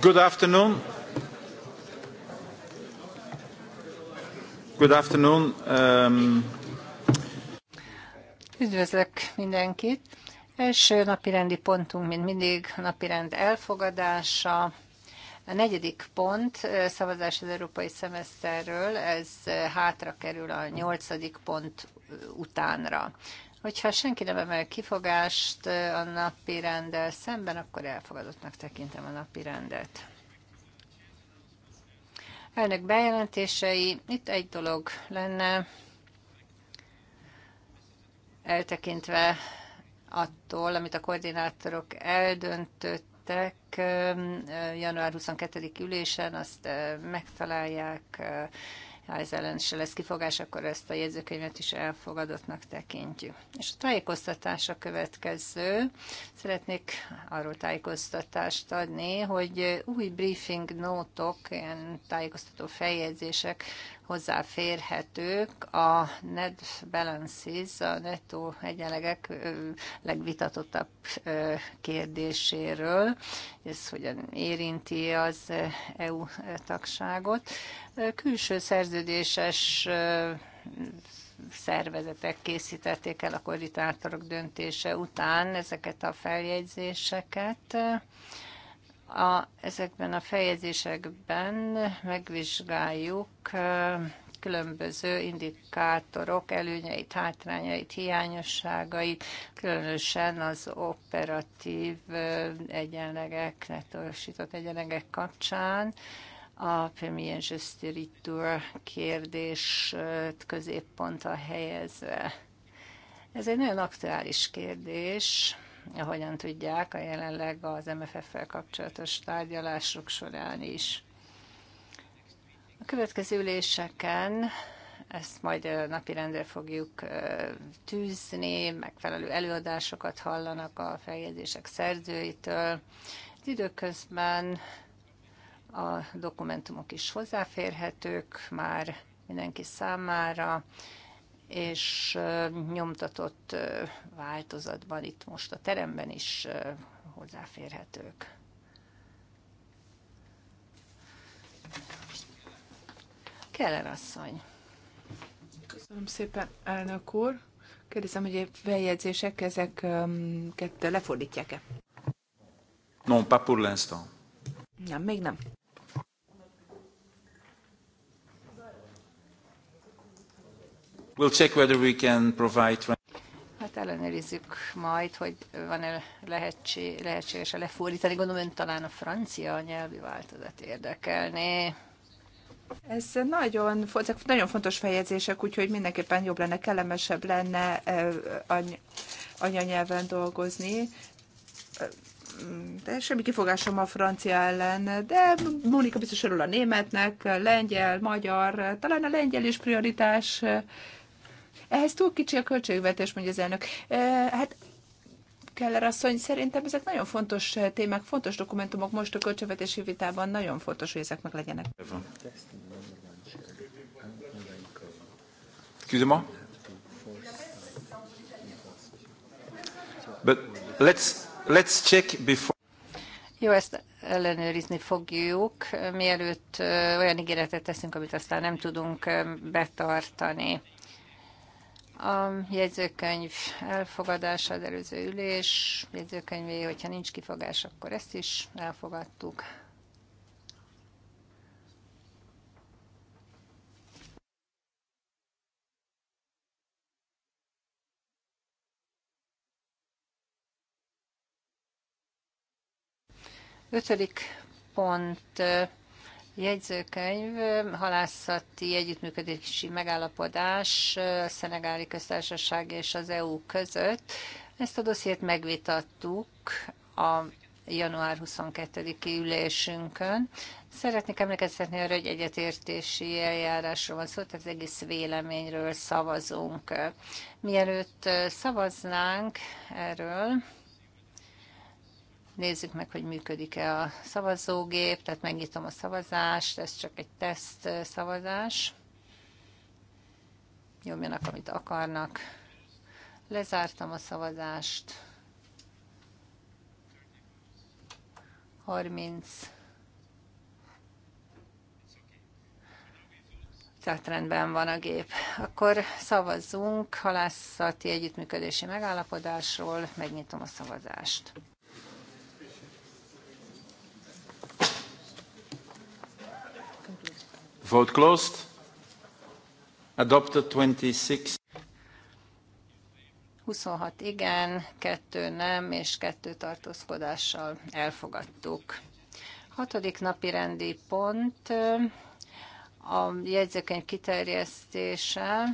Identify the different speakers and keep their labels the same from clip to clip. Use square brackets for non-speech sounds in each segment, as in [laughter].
Speaker 1: Good afternoon. Good afternoon. Um,
Speaker 2: Üdvözlök mindenkit. Első napirendi pontunk, mint mindig, napirend elfogadása. A negyedik pont, szavazás az európai szemeszterről, ez hátra kerül a nyolcadik pont utánra. Hogyha senki nem emel kifogást a napi rendel szemben, akkor elfogadottnak tekintem a napi rendet. Elnök bejelentései, itt egy dolog lenne, eltekintve attól, amit a koordinátorok eldöntöttek január 22. ülésen, azt megtalálják ha ez ellen se lesz kifogás, akkor ezt a jegyzőkönyvet is elfogadottnak tekintjük. És a tájékoztatás a következő. Szeretnék arról tájékoztatást adni, hogy új briefing notok, ilyen tájékoztató feljegyzések hozzáférhetők a net balances, a nettó egyenlegek legvitatottabb kérdéséről, ez hogyan érinti az EU tagságot. Külső szerződéses szervezetek készítették el a koordinátorok döntése után ezeket a feljegyzéseket. A, ezekben a fejezésekben megvizsgáljuk különböző indikátorok előnyeit, hátrányait, hiányosságait, különösen az operatív egyenlegek, nettósított egyenlegek kapcsán a Premier Gesturitur kérdés középpontra helyezve. Ez egy nagyon aktuális kérdés, ahogyan tudják, a jelenleg az MFF-fel kapcsolatos tárgyalások során is. A következő üléseken ezt majd napirendre fogjuk tűzni, megfelelő előadásokat hallanak a feljegyzések szerzőitől. Az időközben a dokumentumok is hozzáférhetők már mindenki számára és nyomtatott változatban itt most a teremben is hozzáférhetők. Kellen asszony.
Speaker 3: Köszönöm szépen, elnök úr. Kérdezem, hogy a feljegyzések ezeket lefordítják-e?
Speaker 1: Non, pas pour l'instant. Nem, még nem. We'll check whether we can provide...
Speaker 2: Hát ellenőrizzük majd, hogy van-e lehetség, lehetséges-e lefordítani. Gondolom ön talán a francia nyelvi változat érdekelné. Ez nagyon, ezek nagyon fontos
Speaker 3: fejezések, úgyhogy mindenképpen jobb lenne, kellemesebb lenne e, any, anyanyelven dolgozni. E, de semmi kifogásom a francia ellen, de Mónika biztos örül a németnek, lengyel, magyar, talán a lengyel is prioritás e, ehhez túl kicsi a költségvetés, mondja az elnök. Hát Keller asszony, szerintem ezek nagyon fontos témák, fontos dokumentumok most a költségvetési vitában, nagyon fontos, hogy ezek meg legyenek.
Speaker 1: Excuse moi But let's, let's check before...
Speaker 2: Jó, ezt ellenőrizni fogjuk, mielőtt olyan ígéretet teszünk, amit aztán nem tudunk betartani. A jegyzőkönyv elfogadása az előző ülés jegyzőkönyvé, hogyha nincs kifogás, akkor ezt is elfogadtuk. Ötödik pont jegyzőkönyv, halászati együttműködési megállapodás a Szenegáli Köztársaság és az EU között. Ezt a dossziét megvitattuk a január 22-i ülésünkön. Szeretnék emlékeztetni arra, hogy egyetértési eljárásról van szó, tehát az egész véleményről szavazunk. Mielőtt szavaznánk erről, Nézzük meg, hogy működik-e a szavazógép, tehát megnyitom a szavazást, ez csak egy teszt szavazás. Nyomjanak, amit akarnak. Lezártam a szavazást. 30. Tehát rendben van a gép. Akkor szavazzunk halászati együttműködési megállapodásról, megnyitom a szavazást.
Speaker 1: Vote closed. Adopted 26.
Speaker 2: 26 igen, 2 nem és 2 tartózkodással elfogadtuk. Hatodik napi rendi pont a jegyzőkönyv kiterjesztése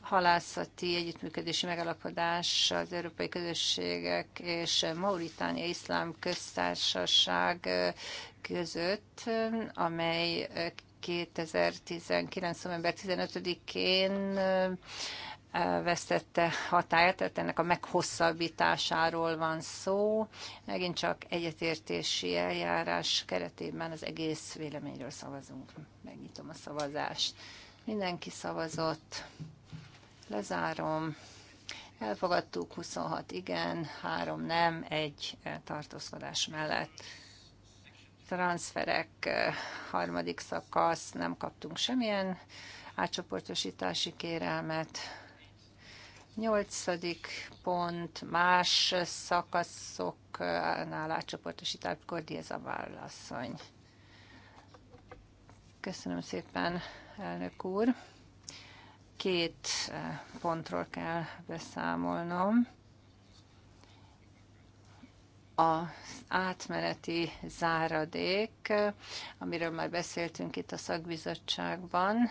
Speaker 2: halászati együttműködési megalapodás az Európai Közösségek és Mauritánia Iszlám Köztársaság között, amely 2019. november 15-én vesztette hatáját, tehát ennek a meghosszabbításáról van szó. Megint csak egyetértési eljárás keretében az egész véleményről szavazunk. Megnyitom a szavazást. Mindenki szavazott. Lezárom. Elfogadtuk 26 igen, 3 nem, egy tartózkodás mellett transferek harmadik szakasz, nem kaptunk semmilyen átcsoportosítási kérelmet. Nyolcadik pont, más szakaszoknál átcsoportosítás, ez a válaszony. Köszönöm szépen, elnök úr. Két pontról kell beszámolnom az átmeneti záradék, amiről már beszéltünk itt a szakbizottságban,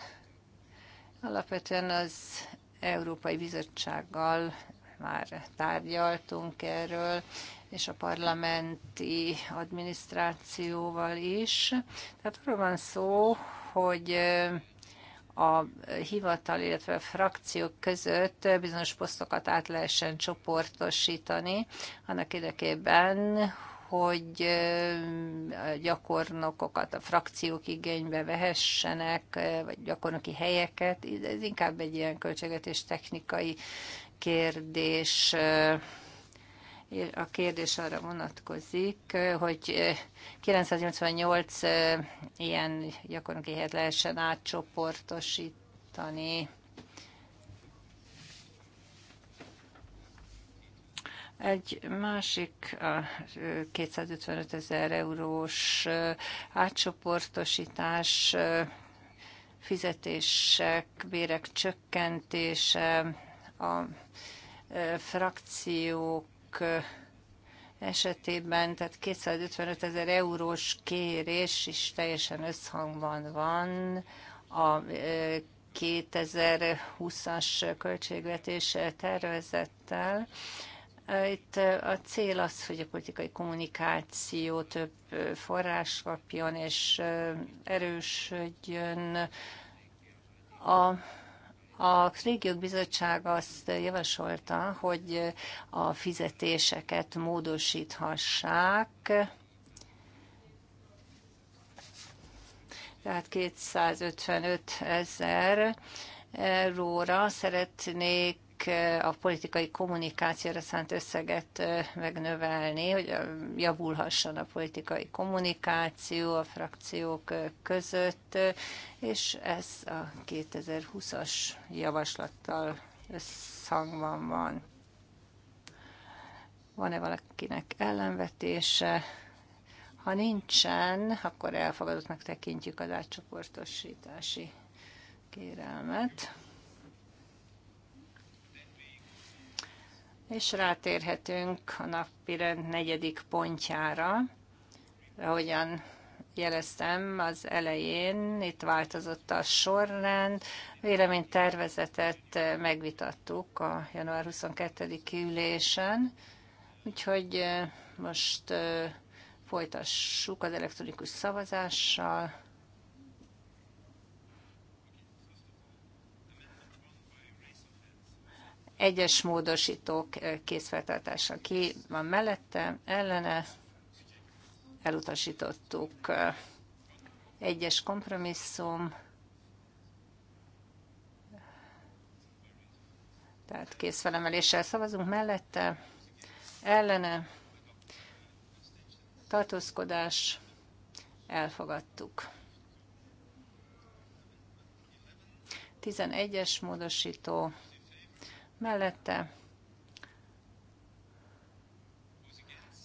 Speaker 2: alapvetően az Európai Bizottsággal már tárgyaltunk erről, és a parlamenti adminisztrációval is. Tehát arról van szó, hogy a hivatal, illetve a frakciók között bizonyos posztokat át lehessen csoportosítani, annak érdekében, hogy a gyakornokokat a frakciók igénybe vehessenek, vagy gyakornoki helyeket. Ez inkább egy ilyen költségvetés technikai kérdés a kérdés arra vonatkozik, hogy 988 eh, eh, ilyen gyakornoki helyet lehessen átcsoportosítani. Egy másik a 255 eh, ezer eurós átcsoportosítás, fizetések, bérek csökkentése, a frakciók esetében, tehát 255 ezer eurós kérés is teljesen összhangban van a 2020-as költségvetés tervezettel. Itt a cél az, hogy a politikai kommunikáció több forrás kapjon és erősödjön. A a Régiók Bizottság azt javasolta, hogy a fizetéseket módosíthassák, tehát 255 ezer euróra szeretnék Eh, a politikai kommunikációra szánt összeget eh, megnövelni, hogy javulhasson a politikai kommunikáció a frakciók eh, között, és ez a 2020-as javaslattal összhangban van. Van-e valakinek ellenvetése? Ha nincsen, akkor elfogadottnak tekintjük az átcsoportosítási kérelmet. és rátérhetünk a napirend negyedik pontjára. Ahogyan jeleztem az elején, itt változott a sorrend. Véleménytervezetet megvitattuk a január 22. ülésen, úgyhogy eh, most eh, folytassuk az elektronikus szavazással. Egyes módosítók készfeltartása ki van mellette, ellene elutasítottuk. Egyes kompromisszum, tehát készfelemeléssel szavazunk mellette, ellene tartózkodás, elfogadtuk. 11-es módosító mellette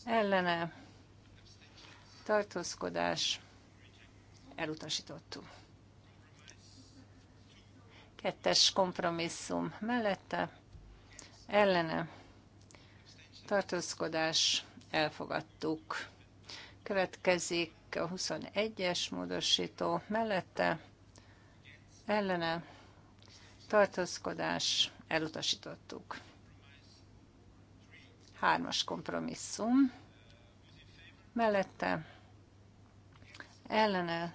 Speaker 2: ellene tartózkodás elutasítottuk. Kettes kompromisszum mellette ellene tartózkodás elfogadtuk. Következik a 21-es módosító mellette ellene tartózkodás elutasítottuk. Hármas kompromisszum. Mellette ellene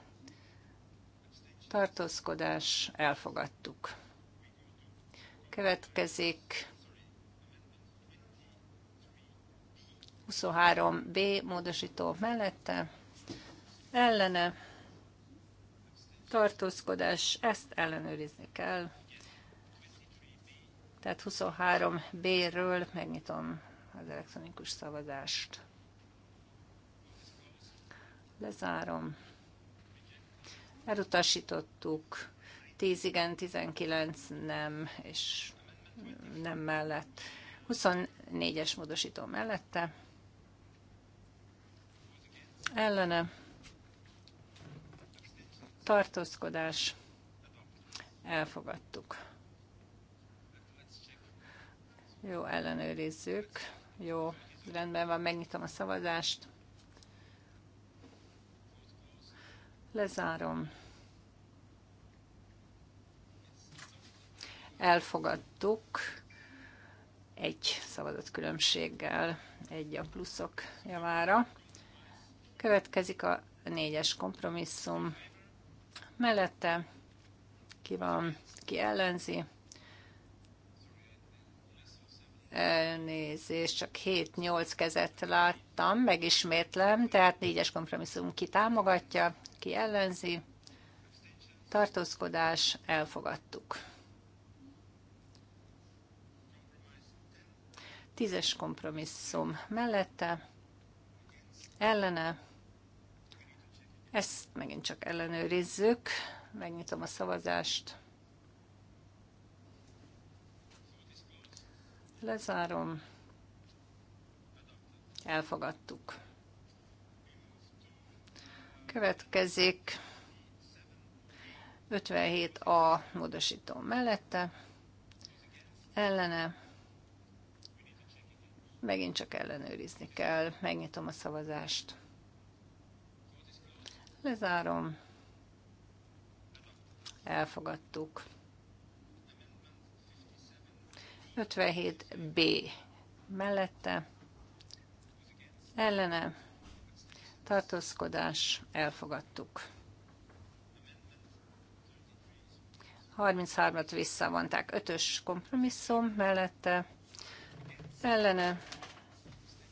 Speaker 2: tartózkodás elfogadtuk. Következik 23B módosító mellette ellene tartózkodás, ezt ellenőrizni kell. Tehát 23B-ről megnyitom az elektronikus szavazást. Lezárom. Elutasítottuk. 10 igen, 19 nem, és nem mellett. 24-es módosító mellette. Ellene. Tartózkodás. Elfogadtuk. Jó, ellenőrizzük. Jó, rendben van, megnyitom a szavazást. Lezárom. Elfogadtuk egy szavazat különbséggel, egy a pluszok javára. Következik a négyes kompromisszum. Mellette ki van, ki ellenzi, Elnézést, csak 7-8 kezet láttam, megismétlem, tehát négyes kompromisszum ki támogatja, ki ellenzi. Tartózkodás, elfogadtuk. Tízes kompromisszum mellette, ellene, ezt megint csak ellenőrizzük, megnyitom a szavazást. Lezárom. Elfogadtuk. Következik 57A módosító mellette. Ellene. Megint csak ellenőrizni kell. Megnyitom a szavazást. Lezárom. Elfogadtuk. 57B mellette ellene tartózkodás elfogadtuk. 33-at visszavonták, 5-ös kompromisszum mellette ellene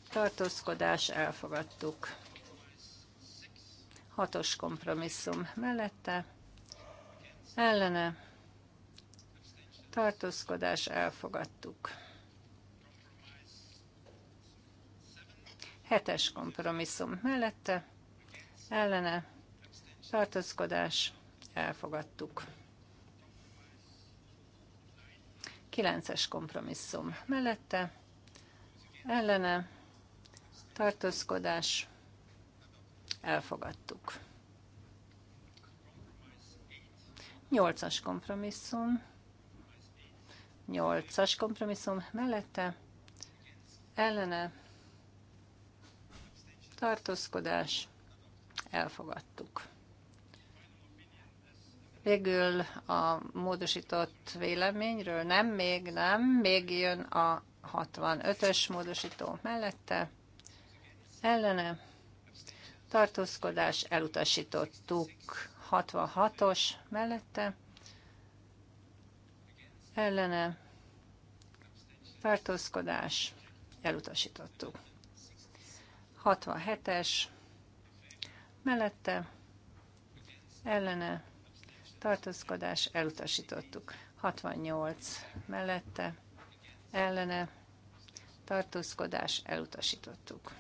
Speaker 2: tartózkodás elfogadtuk. 6-os kompromisszum mellette ellene tartózkodás elfogadtuk. Hetes kompromisszum mellette, ellene, tartózkodás elfogadtuk. Kilences kompromisszum mellette, ellene, tartózkodás elfogadtuk. Nyolcas kompromisszum 8-as kompromisszum mellette ellene tartózkodás elfogadtuk. Végül a módosított véleményről nem, még nem, még jön a 65-ös módosító mellette. Ellene tartózkodás elutasítottuk 66-os mellette ellene tartózkodás elutasítottuk. 67-es mellette ellene tartózkodás elutasítottuk. 68 mellette ellene tartózkodás elutasítottuk.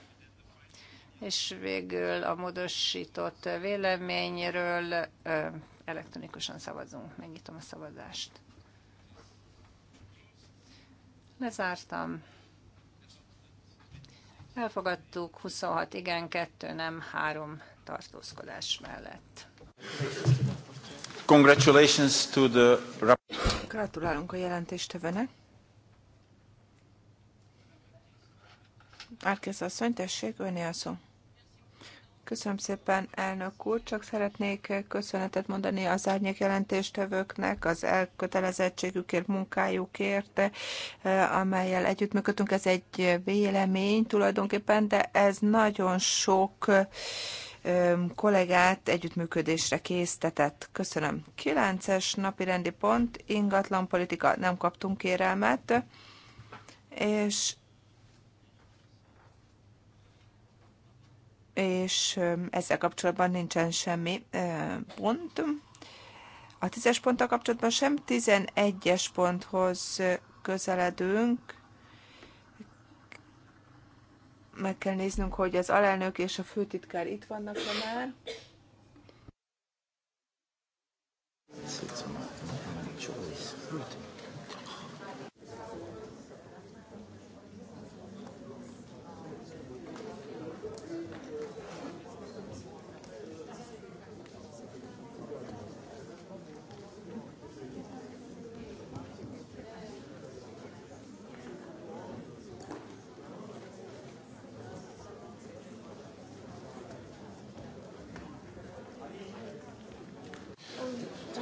Speaker 2: És végül a módosított véleményről elektronikusan szavazunk. Megnyitom a szavazást. Lezártam. Elfogadtuk 26 igen, 2 nem, 3 tartózkodás mellett.
Speaker 1: Congratulations to the...
Speaker 3: Gratulálunk a jelentéstevőnek. Árkész asszony, tessék, öné a szó. Köszönöm szépen, elnök úr. Csak szeretnék köszönetet mondani az árnyék jelentéstevőknek, az elkötelezettségükért, munkájukért, eh, amelyel együttműködtünk. Ez egy vélemény tulajdonképpen, de ez nagyon sok eh, kollégát együttműködésre késztetett. Köszönöm. kilences napi rendi pont, ingatlan politika, nem kaptunk kérelmet, és és ezzel kapcsolatban nincsen semmi pont. A tízes ponttal kapcsolatban sem, tizenegyes ponthoz közeledünk. Meg kell néznünk, hogy az alelnök és a főtitkár itt vannak -e már.
Speaker 1: It's szóval,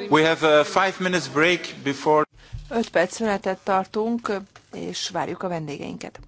Speaker 1: We have a five minutes break before...
Speaker 3: Öt perc szünetet tartunk, és várjuk a vendégeinket.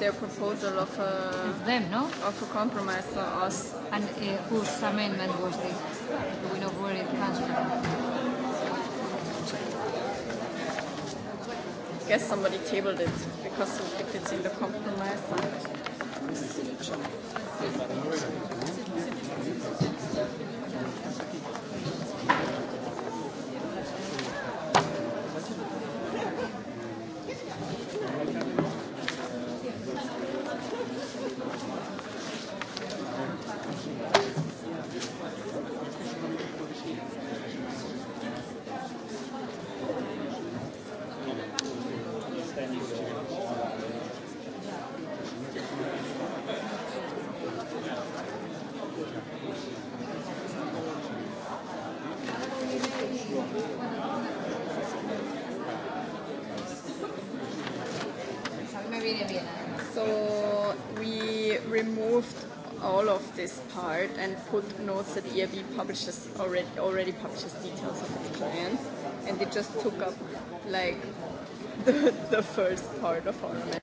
Speaker 2: their proposal of a, it's them, no? of a compromise for us. And uh, whose amendment was this? Do we know where it comes from? I guess somebody tabled it because if it's in the compromise.
Speaker 3: put notes that EIB publishes already already publishes details of its clients, and they just took up like [laughs] the the first part of our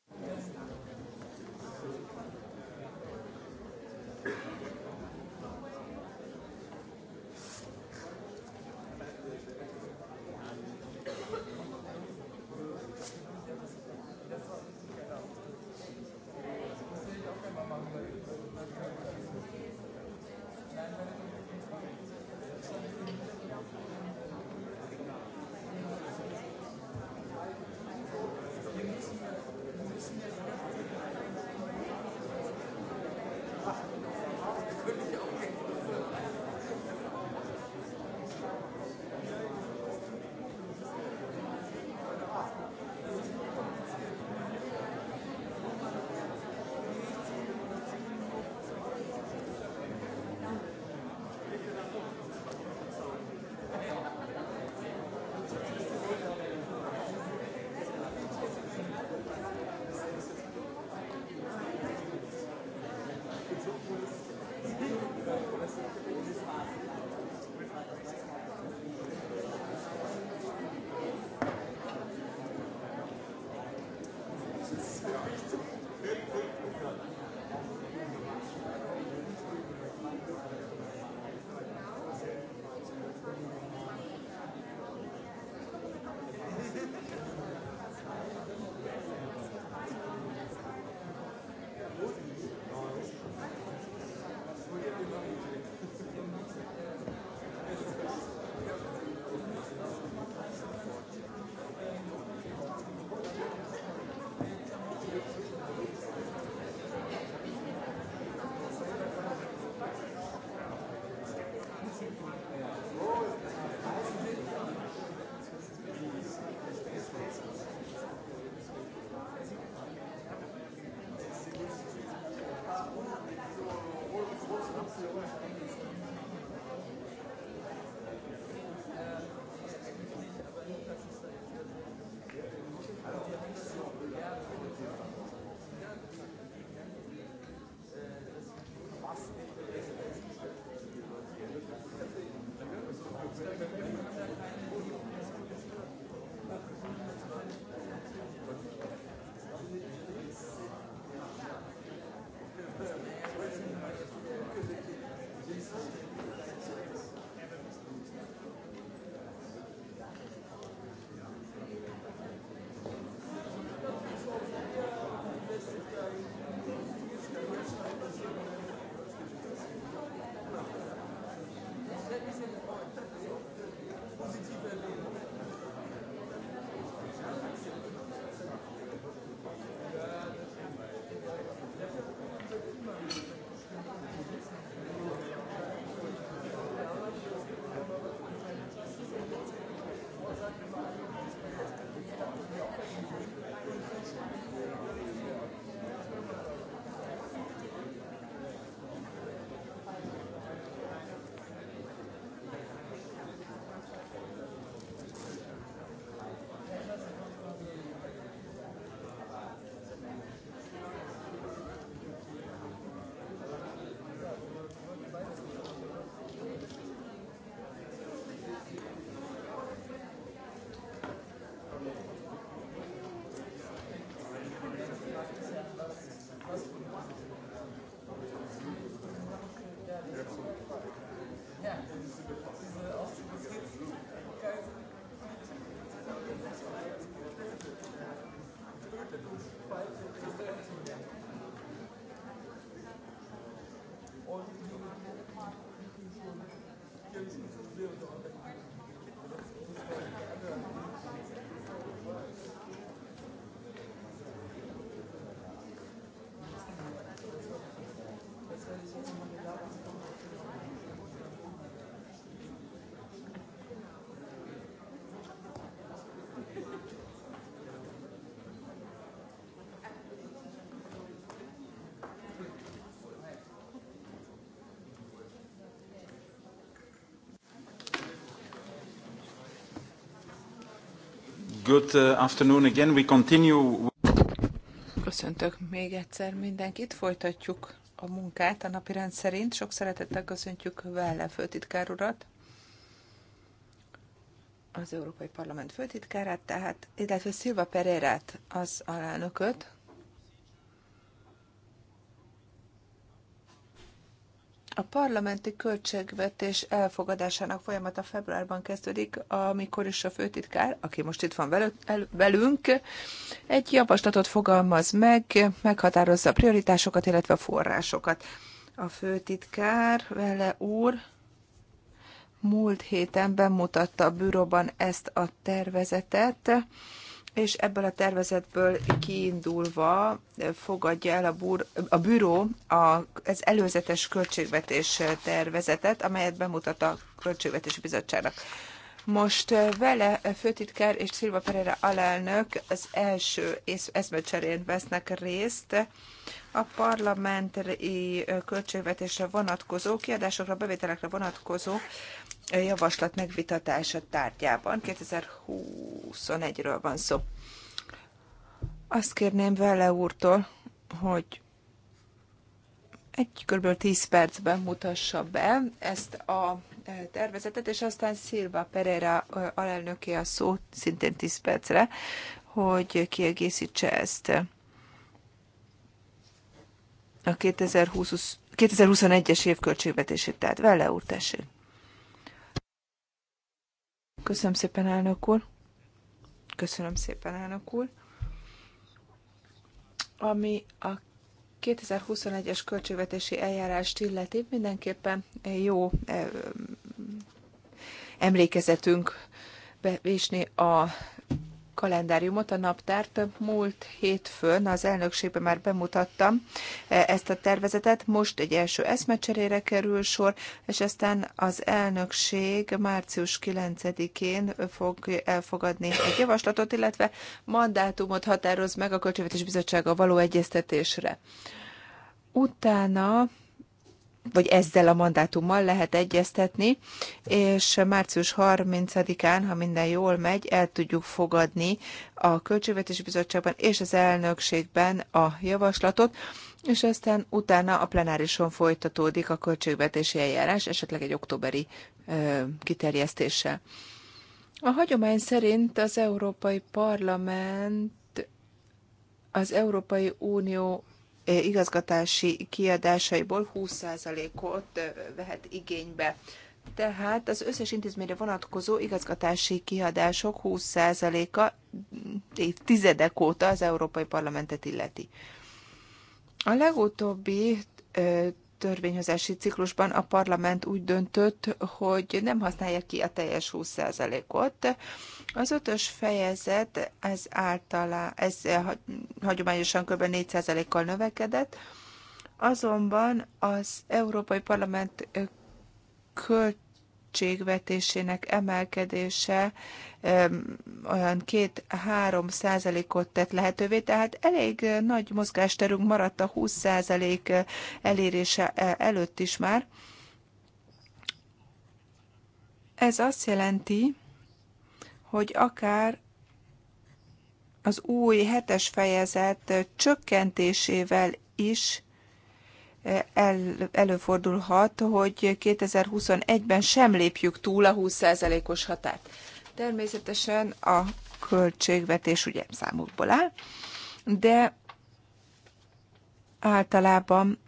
Speaker 1: to do fight. Good uh, afternoon again. We continue.
Speaker 3: Köszöntök még egyszer mindenkit. Folytatjuk a munkát a napi rend szerint. Sok szeretettel köszöntjük vele főtitkár urat, az Európai Parlament főtitkárát, tehát, illetve Szilva Pereirát, az alelnököt, parlamenti költségvetés elfogadásának folyamata februárban kezdődik, amikor is a főtitkár, aki most itt van velünk, egy javaslatot fogalmaz meg, meghatározza a prioritásokat, illetve a forrásokat. A főtitkár, vele úr, múlt héten bemutatta a bűróban ezt a tervezetet, és ebből a tervezetből kiindulva fogadja el a, búr, a bűró az előzetes költségvetés tervezetet, amelyet bemutat a Költségvetési Bizottságnak. Most vele főtitkár és Szilva Pereira alelnök az első eszmecserén vesznek részt a parlamenti költségvetésre vonatkozó, kiadásokra, bevételekre vonatkozó javaslat megvitatása tárgyában. 2021-ről van szó. Azt kérném vele úrtól, hogy egy kb. 10 percben mutassa be ezt a tervezetet, és aztán Szilva Pereira alelnöké a szó szintén 10 percre, hogy kiegészítse ezt a 2020, 2021-es év költségvetését. Tehát vele úr, tessék. Köszönöm szépen, elnök úr. Köszönöm szépen, elnök úr. Ami a 2021-es költségvetési eljárást illeti, mindenképpen jó emlékezetünk bevésni a kalendáriumot, a naptárt. Múlt hétfőn az elnökségben már bemutattam e, ezt a tervezetet, most egy első eszmecserére kerül sor, és aztán az elnökség március 9-én fog elfogadni egy javaslatot, illetve mandátumot határoz meg a Költségvetés Bizottsága való egyeztetésre. Utána vagy ezzel a mandátummal lehet egyeztetni, és március 30-án, ha minden jól megy, el tudjuk fogadni a Költségvetési Bizottságban és az elnökségben a javaslatot, és aztán utána a plenárison folytatódik a költségvetési eljárás, esetleg egy októberi ö, kiterjesztéssel. A hagyomány szerint az Európai Parlament az Európai Unió igazgatási kiadásaiból 20%-ot vehet igénybe. Tehát az összes intézményre vonatkozó igazgatási kiadások 20%-a évtizedek óta az Európai Parlamentet illeti. A legutóbbi törvényhozási ciklusban a parlament úgy döntött, hogy nem használja ki a teljes 20%-ot. Az ötös fejezet ez általá, ez hagyományosan kb. 4%-kal növekedett, azonban az Európai Parlament költ költségvetésének emelkedése olyan 2-3 százalékot tett lehetővé, tehát elég nagy mozgásterünk maradt a 20 százalék eh, elérése eh, előtt is már. Ez azt jelenti, hogy akár az új hetes fejezet csökkentésével is el, előfordulhat, hogy 2021-ben sem lépjük túl a 20%-os határt. Természetesen a költségvetés ugye számokból áll, de általában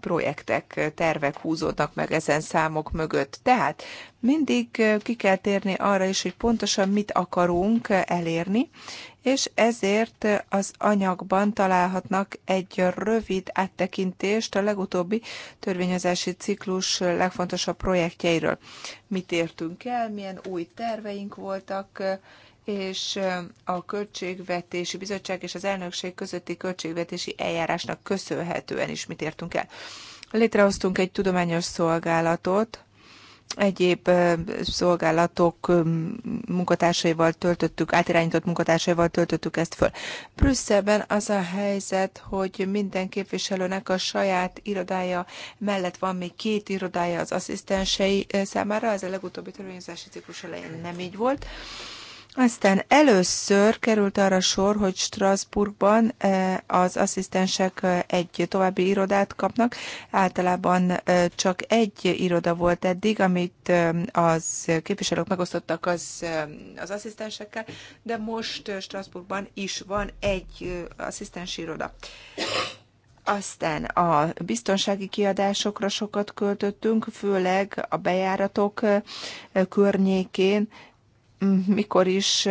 Speaker 3: projektek, tervek húzódnak meg ezen számok mögött. Tehát mindig ki kell térni arra is, hogy pontosan mit akarunk elérni, és ezért az anyagban találhatnak egy rövid áttekintést a legutóbbi törvényezési ciklus legfontosabb projektjeiről. Mit értünk el, milyen új terveink voltak, és a Költségvetési Bizottság és az elnökség közötti költségvetési eljárásnak köszönhetően is mit értünk el. Létrehoztunk egy tudományos szolgálatot, egyéb szolgálatok munkatársaival töltöttük, átirányított munkatársaival töltöttük ezt föl. Brüsszelben az a helyzet, hogy minden képviselőnek a saját irodája mellett van még két irodája az asszisztensei számára, ez a legutóbbi törvényozási ciklus elején nem így volt. Aztán először került arra sor, hogy Strasbourgban eh, az asszisztensek eh, egy további irodát kapnak. Általában eh, csak egy iroda volt eddig, amit az képviselők megosztottak az, az asszisztensekkel, de most Strasbourgban is van egy asszisztens iroda. Aztán a biztonsági kiadásokra sokat költöttünk, főleg a bejáratok környékén, mikor is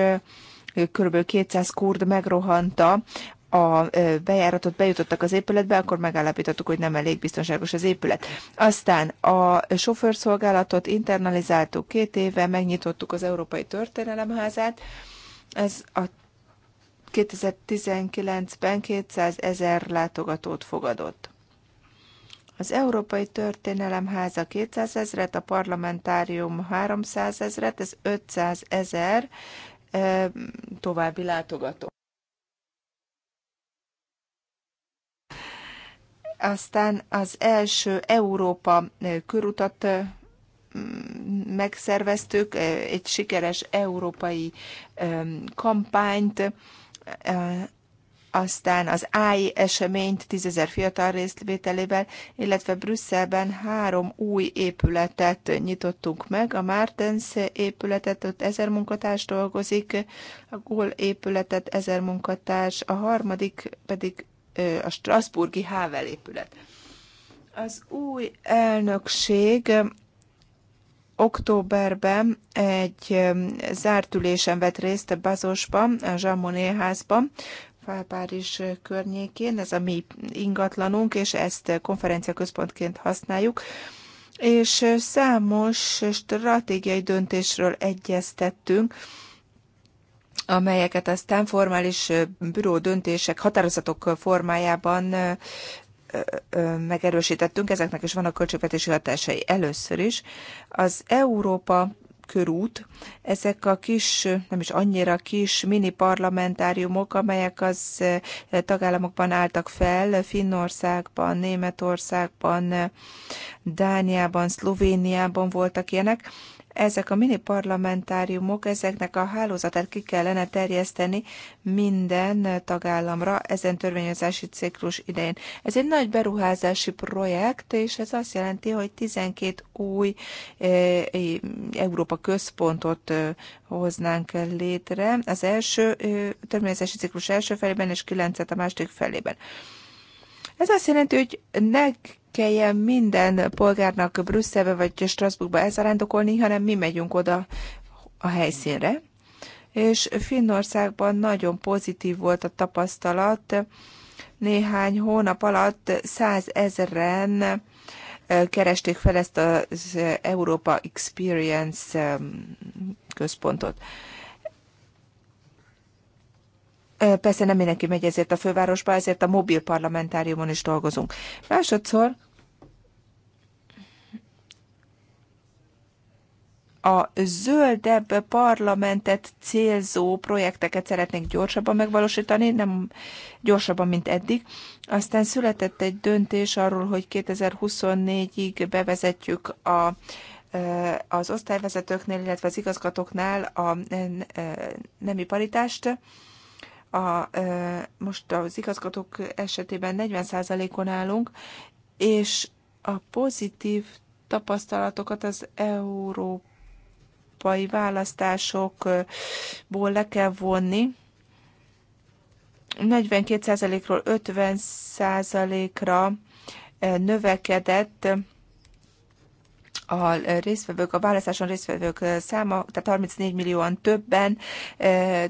Speaker 3: kb. 200 kurd megrohanta a bejáratot bejutottak az épületbe, akkor megállapítottuk, hogy nem elég biztonságos az épület. Aztán a sofőrszolgálatot internalizáltuk két éve, megnyitottuk az Európai Történelemházát. Ez a 2019-ben 200 ezer látogatót fogadott. Az Európai Háza 200 ezret, a Parlamentárium 300 ezret, ez 500 ezer további látogató. Aztán az első Európa körutat megszerveztük, egy sikeres európai kampányt, aztán az AI eseményt tízezer fiatal részvételével, illetve Brüsszelben három új épületet nyitottunk meg. A Martens épületet, ott ezer munkatárs dolgozik, a Gól épületet ezer munkatárs, a harmadik pedig a Strasburgi Havel épület. Az új elnökség októberben egy zártülésen vett részt a Bazosban, a Jean Monnet házban, Párizs környékén, ez a mi ingatlanunk, és ezt konferenciaközpontként használjuk, és számos stratégiai döntésről egyeztettünk, amelyeket aztán formális büró döntések, határozatok formájában megerősítettünk, ezeknek is vannak költségvetési hatásai először is. Az Európa körút. Ezek a kis, nem is annyira kis mini parlamentáriumok, amelyek az eh, tagállamokban álltak fel, Finnországban, Németországban, Dániában, Szlovéniában voltak ilyenek ezek a mini parlamentáriumok, ezeknek a hálózatát ki kellene terjeszteni minden tagállamra ezen törvényozási ciklus idején. Ez egy nagy beruházási projekt, és ez azt jelenti, hogy 12 új e, Európa központot e, hoznánk létre az első e, törvényozási ciklus első felében, és 9 a második felében. Ez azt jelenti, hogy nek kelljen minden polgárnak Brüsszelbe vagy Strasbourgba elszarándokolni, hanem mi megyünk oda a helyszínre. És Finnországban nagyon pozitív volt a tapasztalat. Néhány hónap alatt százezeren keresték fel ezt az Európa Experience központot. Persze nem mindenki megy ezért a fővárosba, ezért a mobil parlamentáriumon is dolgozunk. Másodszor a zöldebb parlamentet célzó projekteket szeretnénk gyorsabban megvalósítani, nem gyorsabban, mint eddig. Aztán született egy döntés arról, hogy 2024-ig bevezetjük a az osztályvezetőknél, illetve az igazgatóknál a nemi paritást a, most az igazgatók esetében 40%-on állunk, és a pozitív tapasztalatokat az európai választásokból le kell vonni. 42%-ról 50%-ra növekedett a résztvevők, a választáson résztvevők száma, tehát 34 millióan többen,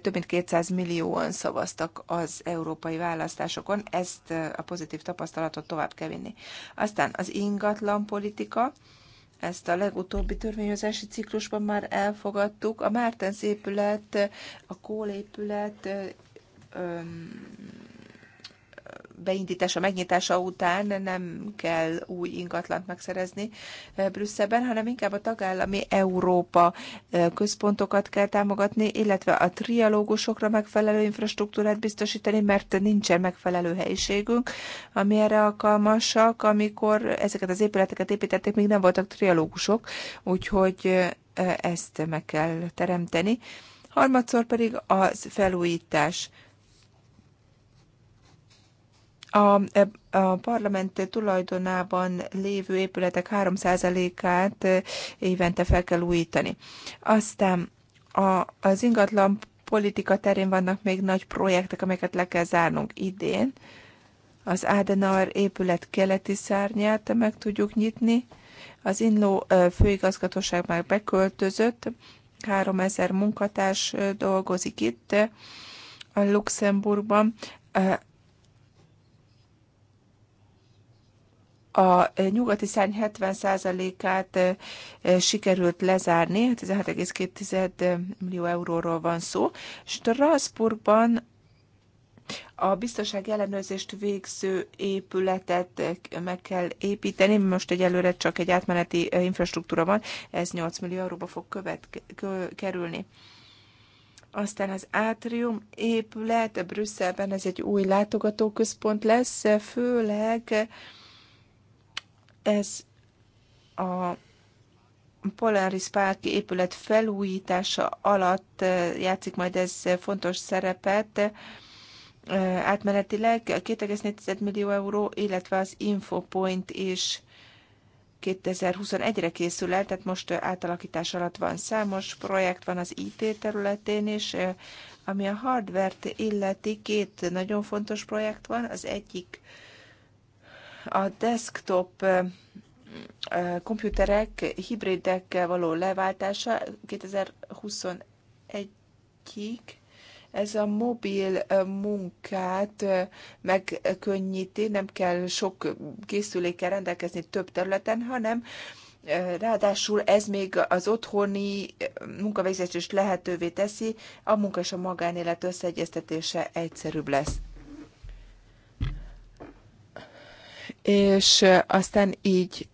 Speaker 3: több mint 200 millióan szavaztak az európai választásokon. Ezt a pozitív tapasztalatot tovább kell vinni. Aztán az ingatlan politika, ezt a legutóbbi törvényozási ciklusban már elfogadtuk. A Mártens épület, a kólépület épület beindítása, megnyitása után nem kell új ingatlant megszerezni eh, Brüsszelben, hanem inkább a tagállami Európa eh, központokat kell támogatni, illetve a trialógusokra megfelelő infrastruktúrát biztosítani, mert nincsen megfelelő helyiségünk, ami erre alkalmasak, amikor ezeket az épületeket építették, még nem voltak trialógusok, úgyhogy eh, ezt meg kell teremteni. Harmadszor pedig az felújítás. A, e, a parlament tulajdonában lévő épületek 3%-át e, évente fel kell újítani. Aztán a, az ingatlan politika terén vannak még nagy projektek, amelyeket le kell zárnunk idén. Az Adenauer épület keleti szárnyát meg tudjuk nyitni. Az Inló e, főigazgatóság már beköltözött, 3000 munkatárs dolgozik itt a Luxemburgban. a eh, nyugati szárny 70%-át eh, eh, sikerült lezárni, 17,2 hát millió euróról van szó. Strasbourgban a biztonság ellenőrzést végző épületet meg kell építeni. Most egyelőre csak egy átmeneti infrastruktúra van, ez 8 millió euróba fog követ, kerülni. Aztán az átrium épület Brüsszelben, ez egy új látogatóközpont lesz, főleg ez a Polaris Park épület felújítása alatt eh, játszik majd ez fontos szerepet eh, átmenetileg 2,4 millió euró, illetve az Infopoint is 2021-re készül el, tehát most eh, átalakítás alatt van számos projekt, van az IT területén is, ami a hardvert illeti, két nagyon fontos projekt van, az egyik a desktop komputerek hibridekkel való leváltása 2021-ig ez a mobil munkát megkönnyíti, nem kell sok készülékkel rendelkezni több területen, hanem Ráadásul ez még az otthoni munkavégzést is lehetővé teszi, a munka és a magánélet összeegyeztetése egyszerűbb lesz. és aztán így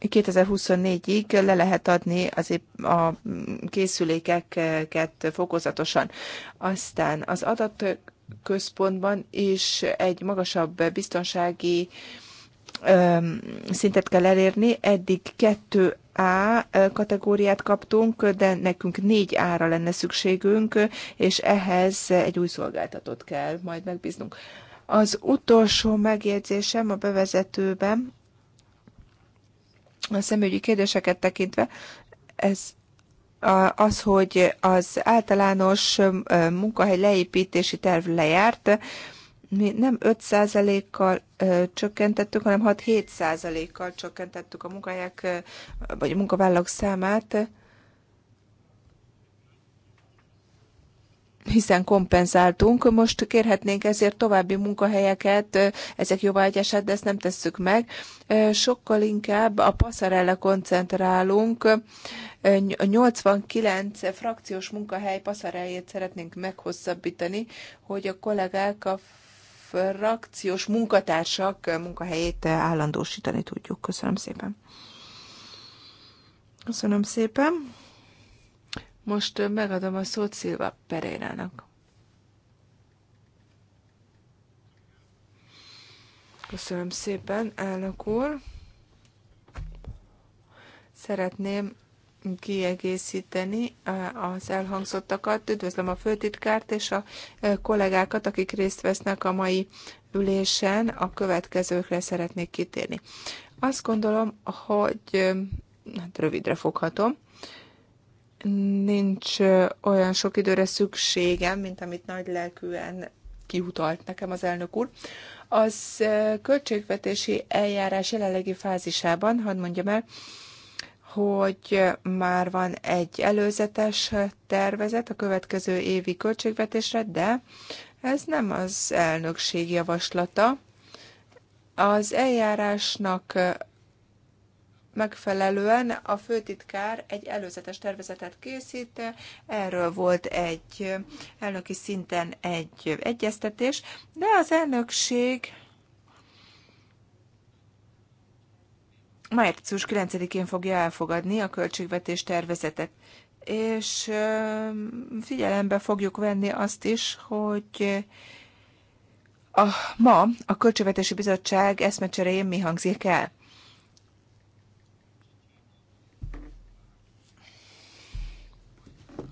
Speaker 3: 2024-ig le lehet adni az épp a mm, készülékeket fokozatosan. Aztán az adatközpontban is egy magasabb biztonsági mm, szintet kell elérni. Eddig 2 a kategóriát kaptunk, de nekünk 4 a ra lenne szükségünk, és ehhez egy új szolgáltatót kell majd megbíznunk. Az utolsó megjegyzésem a bevezetőben, a szemügyi kérdéseket tekintve, ez az, hogy az általános munkahely leépítési terv lejárt, mi nem 5%-kal csökkentettük, hanem 6-7%-kal csökkentettük a munkahelyek, vagy a munkavállalók számát. hiszen kompenzáltunk. Most kérhetnénk ezért további munkahelyeket, ezek jóváhagyását, de ezt nem tesszük meg. Sokkal inkább a passzarella koncentrálunk. 89 frakciós munkahely passzareljét szeretnénk meghosszabbítani, hogy a kollégák a frakciós munkatársak munkahelyét állandósítani tudjuk. Köszönöm szépen. Köszönöm szépen. Most megadom a szót Szilva Pereirának. Köszönöm szépen, elnök úr. Szeretném kiegészíteni az elhangzottakat. Üdvözlöm a főtitkárt és a kollégákat, akik részt vesznek a mai ülésen. A következőkre szeretnék kitérni. Azt gondolom, hogy hát rövidre foghatom nincs olyan sok időre szükségem, mint amit nagy lelkűen kiutalt nekem az elnök úr. Az költségvetési eljárás jelenlegi fázisában, hadd mondjam el, hogy már van egy előzetes tervezet a következő évi költségvetésre, de ez nem az elnökség javaslata. Az eljárásnak megfelelően a főtitkár egy előzetes tervezetet készít, erről volt egy elnöki szinten egy egyeztetés, de az elnökség március 9-én fogja elfogadni a költségvetés tervezetet és figyelembe fogjuk venni azt is, hogy a, ma a Költségvetési Bizottság eszmecseréjén mi hangzik el.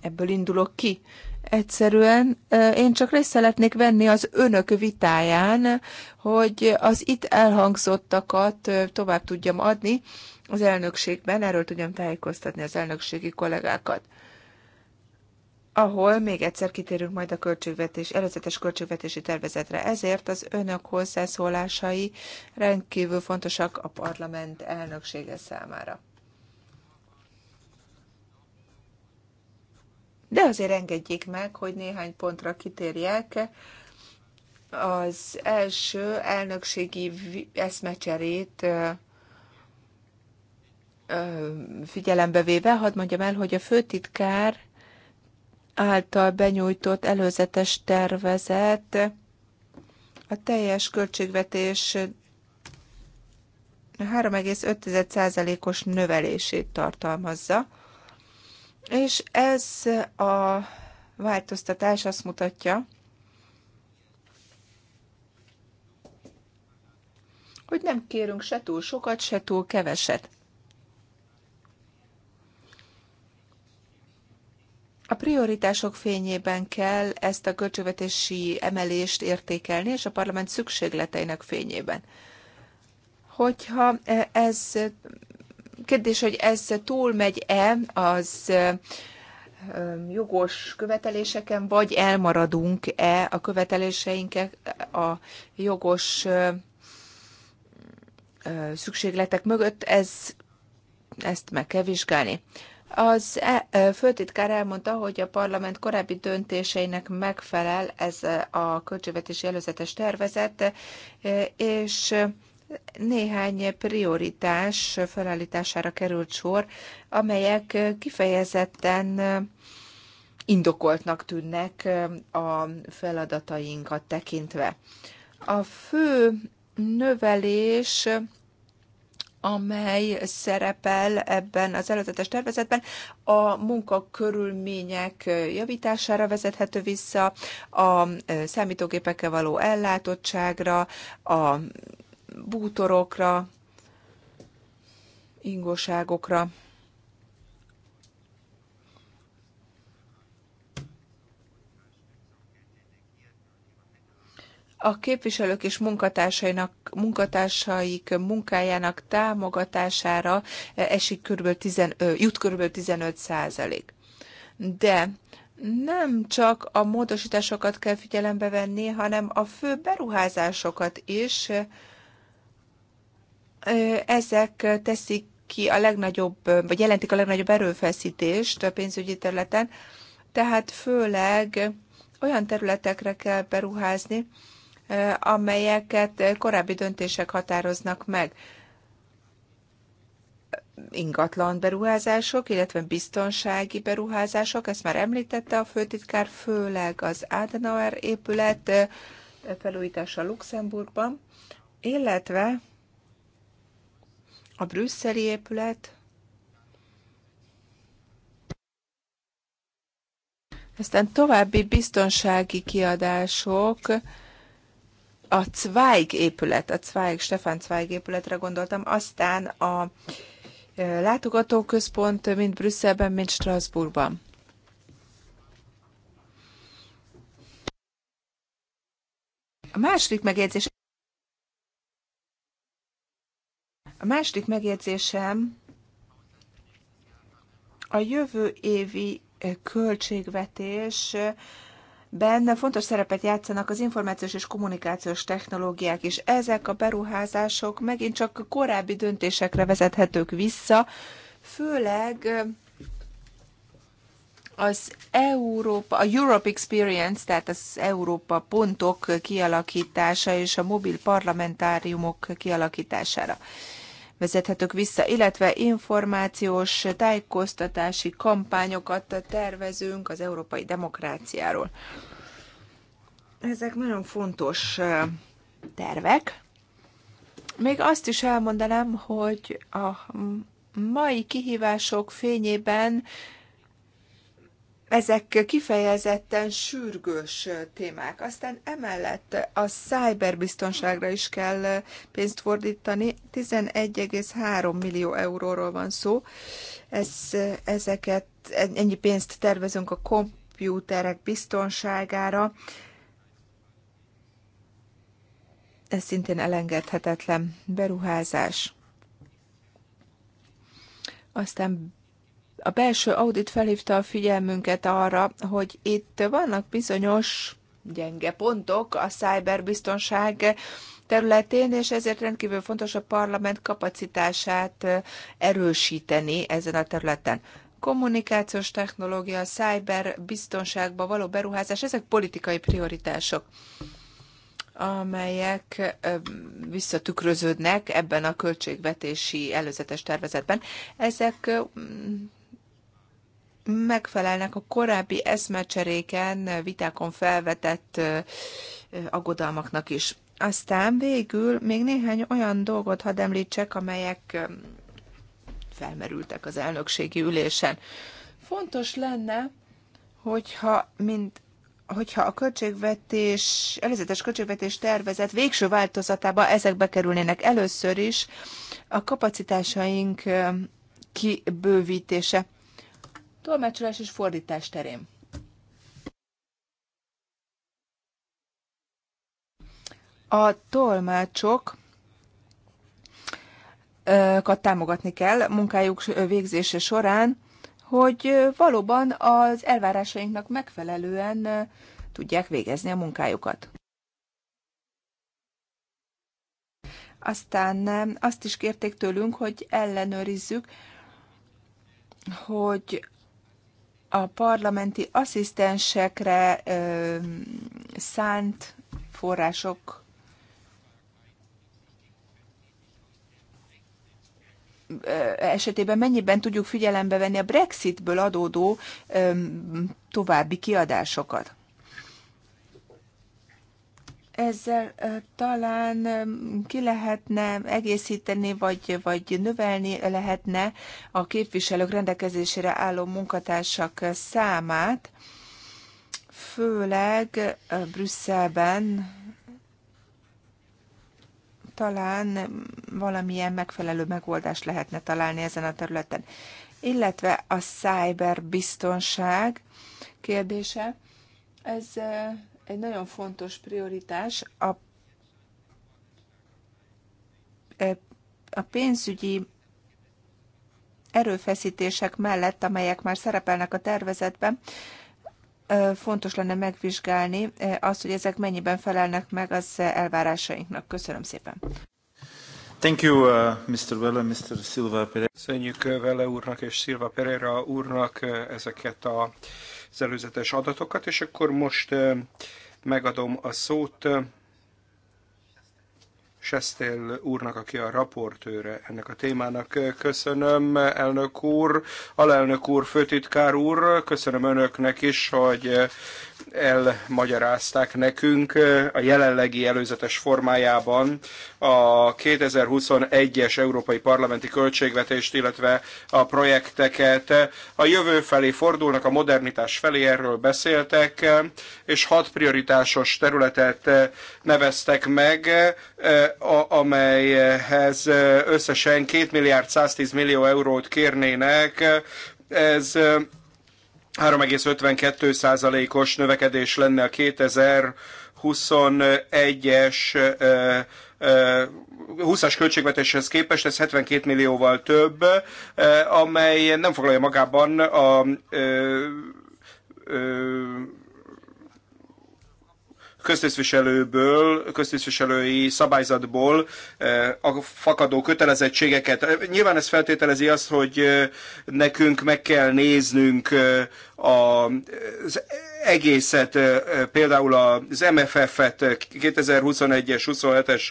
Speaker 3: ebből indulok ki. Egyszerűen én csak részt szeretnék venni az önök vitáján, hogy az itt elhangzottakat tovább tudjam adni az elnökségben, erről tudjam tájékoztatni az elnökségi kollégákat ahol még egyszer kitérünk majd a költségvetés, előzetes költségvetési tervezetre. Ezért az önök hozzászólásai rendkívül fontosak a parlament elnöksége számára. de azért engedjék meg, hogy néhány pontra kitérjek. Az első elnökségi eszmecserét figyelembe véve, hadd mondjam el, hogy a főtitkár által benyújtott előzetes tervezet a teljes költségvetés 3,5%-os növelését tartalmazza. És ez a változtatás azt mutatja, hogy nem kérünk se túl sokat, se túl keveset. A prioritások fényében kell ezt a költségvetési emelést értékelni, és a parlament szükségleteinek fényében. Hogyha ez Kérdés, hogy ez túlmegy-e az jogos követeléseken, vagy elmaradunk-e a követeléseinket a jogos szükségletek mögött, ez, ezt meg kell vizsgálni. Az e, főtitkár elmondta, hogy a parlament korábbi döntéseinek megfelel ez a költségvetési előzetes tervezet, és néhány prioritás felállítására került sor, amelyek kifejezetten indokoltnak tűnnek a feladatainkat tekintve. A fő növelés amely szerepel ebben az előzetes tervezetben, a munkakörülmények javítására vezethető vissza, a számítógépekkel való ellátottságra, a bútorokra, ingóságokra. a képviselők és munkatársainak, munkatársaik munkájának támogatására esik kb. 10, jut kb. 15 százalék. De nem csak a módosításokat kell figyelembe venni, hanem a fő beruházásokat is, ezek teszik ki a legnagyobb, vagy jelentik a legnagyobb erőfeszítést a pénzügyi területen, tehát főleg olyan területekre kell beruházni, amelyeket korábbi döntések határoznak meg. Ingatlan beruházások, illetve biztonsági beruházások, ezt már említette a főtitkár, főleg az Adenauer épület felújítása Luxemburgban, illetve a brüsszeli épület, aztán további biztonsági kiadások, a Zweig épület, a Zweig, Stefan Zweig épületre gondoltam, aztán a e, látogatóközpont mind Brüsszelben, mind Strasbourgban. A második megjegyzés A második megjegyzésem a jövő évi eh, költségvetés benne fontos szerepet játszanak az információs és kommunikációs technológiák, és ezek a beruházások megint csak korábbi döntésekre vezethetők vissza, főleg eh, az Európa, a Europe Experience, tehát az Európa pontok kialakítása és a mobil parlamentáriumok kialakítására vezethetők vissza, illetve információs tájékoztatási kampányokat tervezünk az európai demokráciáról. Ezek nagyon fontos tervek. Még azt is elmondanám, hogy a mai kihívások fényében ezek kifejezetten sürgős témák. Aztán emellett a szájberbiztonságra is kell pénzt fordítani. 11,3 millió euróról van szó. Ez, ezeket, ennyi pénzt tervezünk a kompjúterek biztonságára. Ez szintén elengedhetetlen beruházás. Aztán a belső audit felhívta a figyelmünket arra, hogy itt vannak bizonyos gyenge pontok a szájberbiztonság területén, és ezért rendkívül fontos a parlament kapacitását erősíteni ezen a területen. Kommunikációs technológia, szájber, biztonságba való beruházás, ezek politikai prioritások amelyek visszatükröződnek ebben a költségvetési előzetes tervezetben. Ezek megfelelnek a korábbi eszmecseréken, vitákon felvetett aggodalmaknak is. Aztán végül még néhány olyan dolgot hadd említsek, amelyek felmerültek az elnökségi ülésen. Fontos lenne, hogyha mind hogyha a költségvetés, előzetes költségvetés tervezet végső változatába ezek bekerülnének először is a kapacitásaink kibővítése tolmácsolás és fordítás terén. A tolmácsok támogatni kell munkájuk végzése során, hogy valóban az elvárásainknak megfelelően tudják végezni a munkájukat. Aztán azt is kérték tőlünk, hogy ellenőrizzük, hogy a parlamenti asszisztensekre szánt források esetében mennyiben tudjuk figyelembe venni a Brexitből adódó további kiadásokat ezzel talán ki lehetne egészíteni, vagy, vagy növelni lehetne a képviselők rendelkezésére álló munkatársak számát, főleg Brüsszelben talán valamilyen megfelelő megoldást lehetne találni ezen a területen. Illetve a cyberbiztonság kérdése. Ez egy nagyon fontos prioritás a, e, a pénzügyi erőfeszítések mellett, amelyek már szerepelnek a tervezetben, e, fontos lenne megvizsgálni e, azt, hogy ezek mennyiben felelnek meg az elvárásainknak. Köszönöm szépen.
Speaker 1: Thank you, uh, Mr. Vele, Mr. Silva Pereira. Köszönjük uh, Vele úrnak és Silva Pereira úrnak uh, ezeket a az előzetes adatokat, és akkor most megadom a szót Sestél úrnak, aki a raportőre ennek a témának. Köszönöm, elnök úr, alelnök úr, főtitkár úr, köszönöm önöknek is, hogy elmagyarázták nekünk eh, a jelenlegi előzetes formájában a 2021-es európai parlamenti költségvetést, illetve a projekteket. A jövő felé fordulnak, a modernitás felé erről beszéltek, eh, és hat prioritásos területet eh, neveztek meg, amelyhez összesen 2 milliárd 110 millió eurót kérnének. Ez 3,52%-os növekedés lenne a 2021-es 20-as költségvetéshez képest, ez 72 millióval több, amely nem foglalja magában a köztisztviselőből, köztisztviselői szabályzatból eh, a fakadó kötelezettségeket. Nyilván ez feltételezi azt, hogy eh, nekünk meg kell néznünk eh, az egészet, például az MFF-et 2021-es, 27-es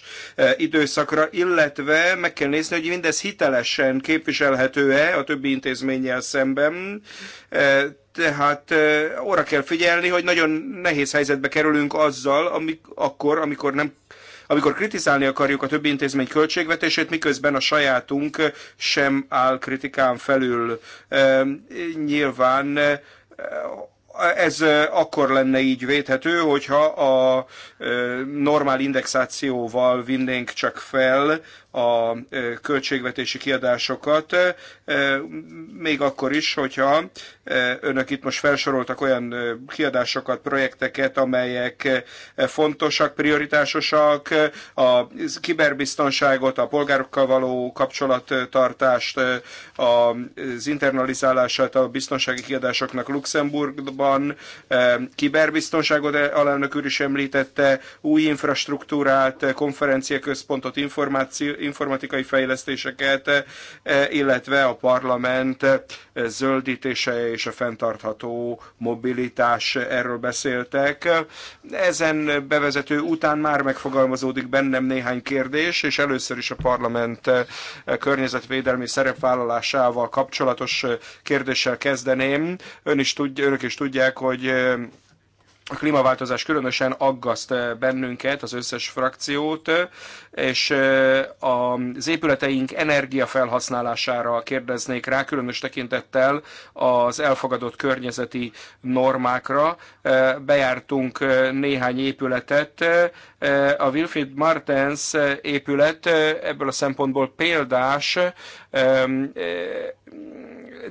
Speaker 1: időszakra, illetve meg kell nézni, hogy mindez hitelesen képviselhető-e a többi intézménnyel szemben. Tehát óra kell figyelni, hogy nagyon nehéz helyzetbe kerülünk azzal, amik, akkor, amikor nem amikor kritizálni akarjuk a többi intézmény költségvetését, miközben a sajátunk sem áll kritikán felül. Nyilván ez akkor lenne így védhető, hogyha a normál indexációval vinnénk csak fel a költségvetési kiadásokat, még akkor is, hogyha önök itt most felsoroltak olyan kiadásokat, projekteket, amelyek fontosak, prioritásosak, a kiberbiztonságot, a polgárokkal való kapcsolattartást, az internalizálását a biztonsági kiadásoknak Luxemburgban, kiberbiztonságot e, alelnök úr is említette, új infrastruktúrát, konferenciaközpontot, információ, informatikai fejlesztéseket, e, illetve a parlament zöldítése és a fenntartható mobilitás, erről beszéltek. Ezen bevezető után már megfogalmazódik bennem néhány kérdés, és először is a parlament e, környezetvédelmi szerepvállalásával kapcsolatos kérdéssel kezdeném. Ön is tudja, önök is tudják, hogy e, a klímaváltozás különösen aggaszt eh, bennünket, az összes frakciót, eh, és eh, az épületeink energiafelhasználására kérdeznék rá, különös tekintettel az elfogadott környezeti normákra. Bejártunk néhány épületet. A Wilfried Martens épület ebből a szempontból példás,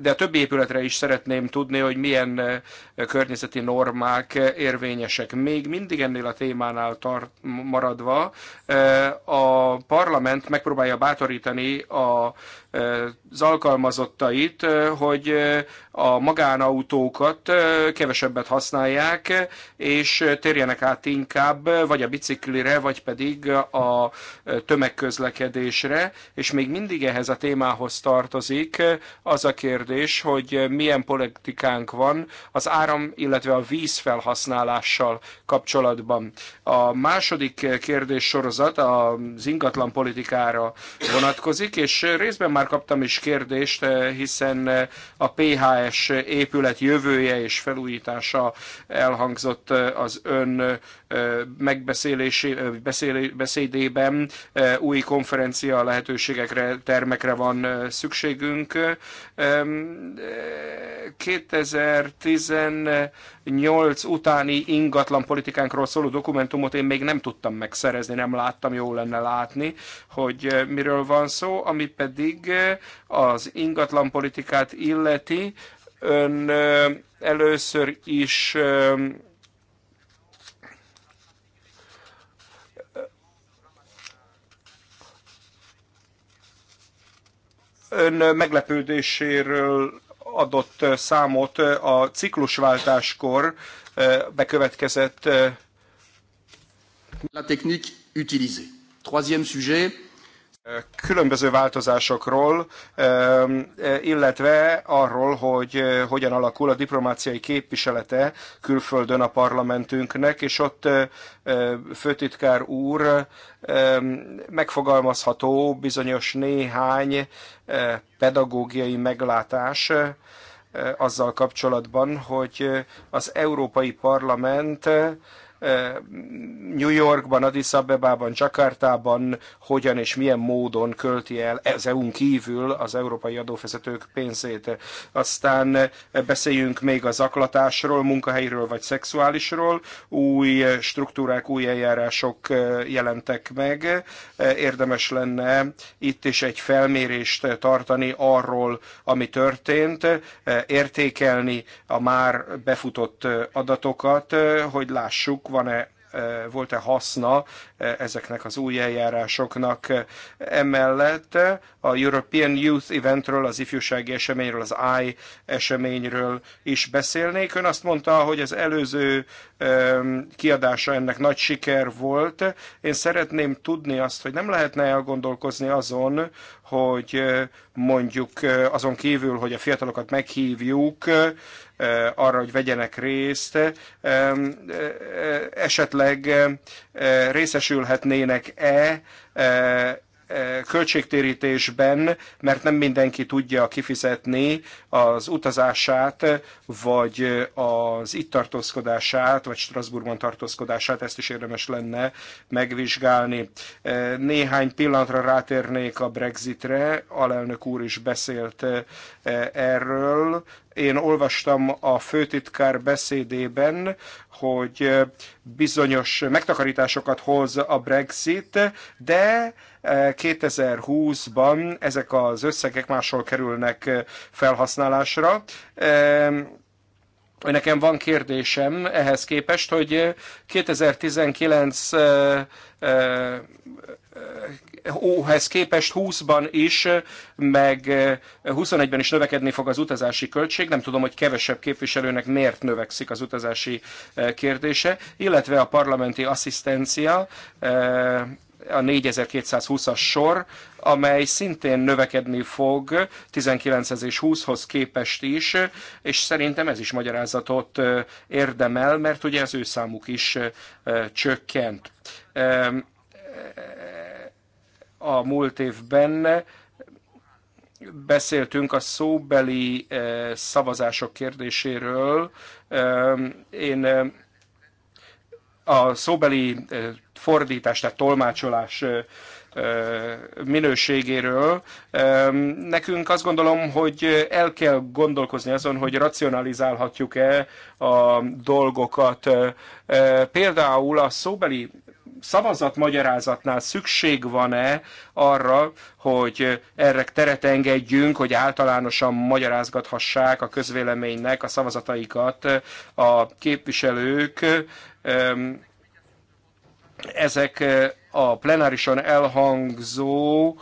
Speaker 1: de a többi épületre is szeretném tudni, hogy milyen környezeti normák érvényesek. Még mindig ennél a témánál tart, maradva, a parlament megpróbálja bátorítani a az alkalmazottait, hogy a magánautókat kevesebbet használják, és térjenek át inkább vagy a biciklire, vagy pedig a tömegközlekedésre, és még mindig ehhez a témához tartozik az a kérdés, hogy milyen politikánk van az áram, illetve a víz felhasználással kapcsolatban. A második kérdés sorozat az ingatlan politikára vonatkozik, és részben már már kaptam is kérdést, eh, hiszen eh, a PHS épület jövője és felújítása elhangzott eh, az ön megbeszélési, beszédében. Új konferencia lehetőségekre, termekre van szükségünk. 2010 8 utáni ingatlan politikánkról szóló dokumentumot én még nem tudtam megszerezni, nem láttam, jó lenne látni, hogy eh, miről van szó, ami pedig eh, az ingatlan politikát illeti. Ön eh, először is ön meglepődéséről adott számot a ciklusváltáskor bekövetkezett. La technique utilisée. Troisième sujet, különböző változásokról, illetve arról, hogy hogyan alakul a diplomáciai képviselete külföldön a parlamentünknek, és ott főtitkár úr megfogalmazható bizonyos néhány pedagógiai meglátás, azzal kapcsolatban, hogy az Európai Parlament New Yorkban, Addis Abebában, Jakartában hogyan és milyen módon költi el az eu kívül az európai adófizetők pénzét. Aztán beszéljünk még a zaklatásról, munkahelyről vagy szexuálisról. Új struktúrák, új eljárások jelentek meg. Érdemes lenne itt is egy felmérést tartani arról, ami történt, értékelni a már befutott adatokat, hogy lássuk, van-e e, volt-e haszna e, ezeknek az új eljárásoknak. Emellett a European Youth Eventről, az ifjúsági eseményről, az I eseményről is beszélnék. Ön azt mondta, hogy az előző e, kiadása ennek nagy siker volt. Én szeretném tudni azt, hogy nem lehetne elgondolkozni azon, hogy mondjuk azon kívül, hogy a fiatalokat meghívjuk, Eh, arra, hogy vegyenek részt, eh, eh, esetleg részesülhetnének-e költségtérítésben, mert nem mindenki tudja kifizetni az utazását, vagy az itt tartózkodását, vagy Strasbourgban tartózkodását, ezt is érdemes lenne megvizsgálni. Néhány pillanatra rátérnék a Brexitre, alelnök úr is beszélt erről, én olvastam a főtitkár beszédében, hogy bizonyos megtakarításokat hoz a Brexit, de 2020-ban e, ezek az összegek máshol kerülnek e, felhasználásra. E, nekem van kérdésem ehhez képest, hogy 2019 óhez képest 20-ban is, meg 21-ben is növekedni fog az utazási költség. Nem tudom, hogy kevesebb képviselőnek miért növekszik az utazási kérdése, illetve a parlamenti asszisztencia a 4220-as sor, amely szintén növekedni fog 19 és 20-hoz képest is, és szerintem ez is magyarázatot érdemel, mert ugye az ő számuk is csökkent a múlt évben beszéltünk a szóbeli eh, szavazások kérdéséről. Én a szóbeli eh, fordítás, tehát tolmácsolás eh, minőségéről. Nekünk azt gondolom, hogy el kell gondolkozni azon, hogy racionalizálhatjuk-e a dolgokat. Például a szóbeli szavazatmagyarázatnál szükség van-e arra, hogy erre teret engedjünk, hogy általánosan magyarázgathassák a közvéleménynek a szavazataikat a képviselők. Ezek a plenárison elhangzó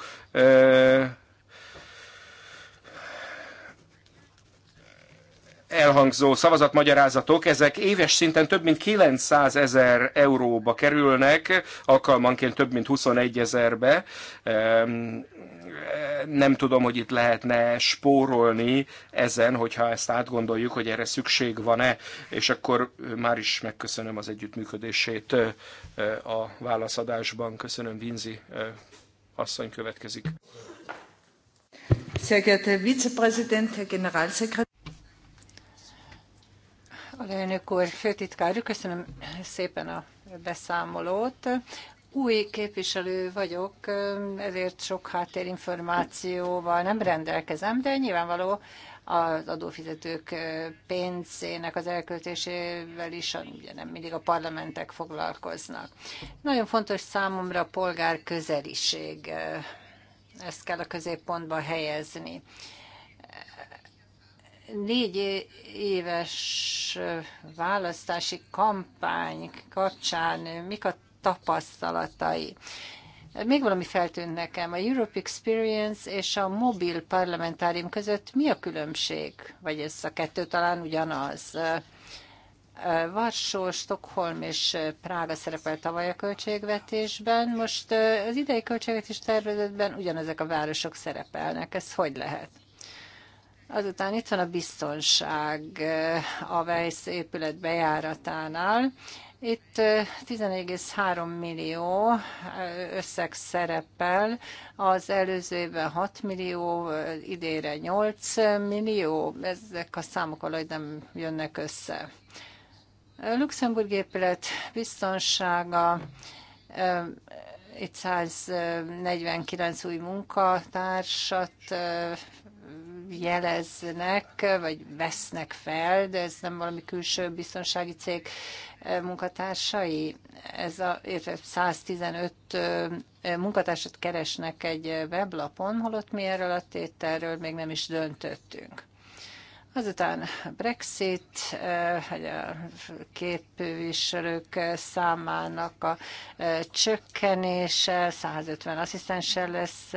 Speaker 1: elhangzó szavazatmagyarázatok, ezek éves szinten több mint 900 ezer euróba kerülnek, alkalmanként több mint 21 ezerbe. Nem tudom, hogy itt lehetne spórolni ezen, hogyha ezt átgondoljuk, hogy erre szükség van-e, és akkor már is megköszönöm az együttműködését a válaszadásban. Köszönöm, Vinzi asszony következik.
Speaker 2: Sehr geehrter Vizepräsident, Herr Generalsekretär! Alelnök úr, főtitkár, köszönöm szépen a beszámolót. Új képviselő vagyok, ezért sok háttérinformációval nem rendelkezem, de nyilvánvaló az adófizetők pénzének az elköltésével is ugye nem mindig a parlamentek foglalkoznak. Nagyon fontos számomra a polgár közeliség. Ezt kell a középpontba helyezni négy éves választási kampány kapcsán mik a tapasztalatai? Még valami feltűnt nekem. A Europe Experience és a mobil parlamentárium között mi a különbség? Vagy ez a kettő talán ugyanaz? Varsó, Stockholm és Prága szerepel tavaly a költségvetésben. Most az idei költségvetés tervezetben ugyanezek a városok szerepelnek. Ez hogy lehet? Azután itt van a biztonság eh, a Weiss épület bejáratánál. Itt 11,3 eh, millió eh, összeg szerepel, az előző évben 6 millió, idére 8 millió, ezek a számok valahogy nem jönnek össze. A Luxemburg épület biztonsága, itt 149 új munkatársat jeleznek, vagy vesznek fel, de ez nem valami külső biztonsági cég munkatársai. Ez a 115 munkatársat keresnek egy weblapon, holott mi erről a tételről még nem is döntöttünk. Azután Brexit, hogy a képviselők számának a csökkenése, 150 asszisztenssel lesz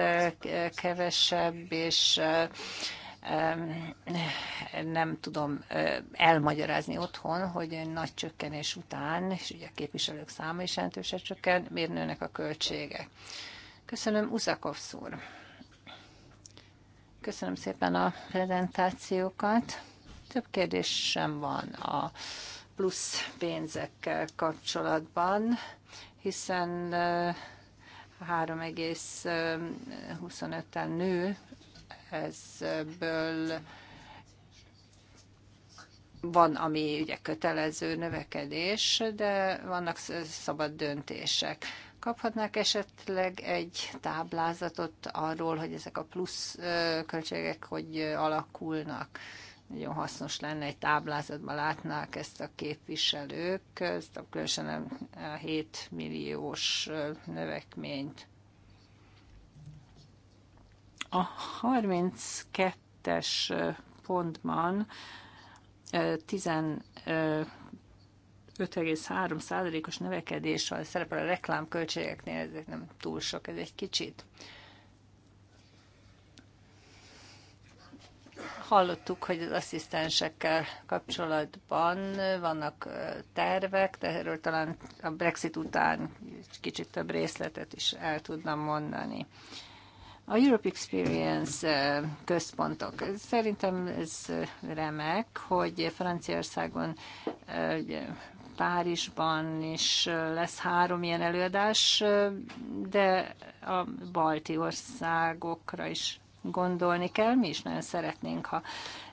Speaker 2: kevesebb, és nem tudom elmagyarázni otthon, hogy nagy csökkenés után, és ugye a képviselők száma is jelentősen csökken, miért nőnek a költségek. Köszönöm, Uzakov szúr. Köszönöm szépen a prezentációkat. Több sem van a plusz pénzekkel kapcsolatban, hiszen 325 tel nő ezből van, ami ugye kötelező növekedés, de vannak szabad döntések. Kaphatnák esetleg egy táblázatot arról, hogy ezek a plusz költségek hogy alakulnak? Nagyon hasznos lenne, egy táblázatban látnák ezt a képviselők, ezt a különösen a 7 milliós növekményt. A 32-es pontban 5,3%-os van, szerepel a reklámköltségeknél, ez nem túl sok, ez egy kicsit. Hallottuk, hogy az asszisztensekkel kapcsolatban vannak tervek, de erről talán a Brexit után kicsit több részletet is el tudnám mondani. A Europe Experience központok. Szerintem ez remek, hogy Franciaországon Párizsban is lesz három ilyen előadás, de a balti országokra is gondolni kell. Mi is nagyon szeretnénk, ha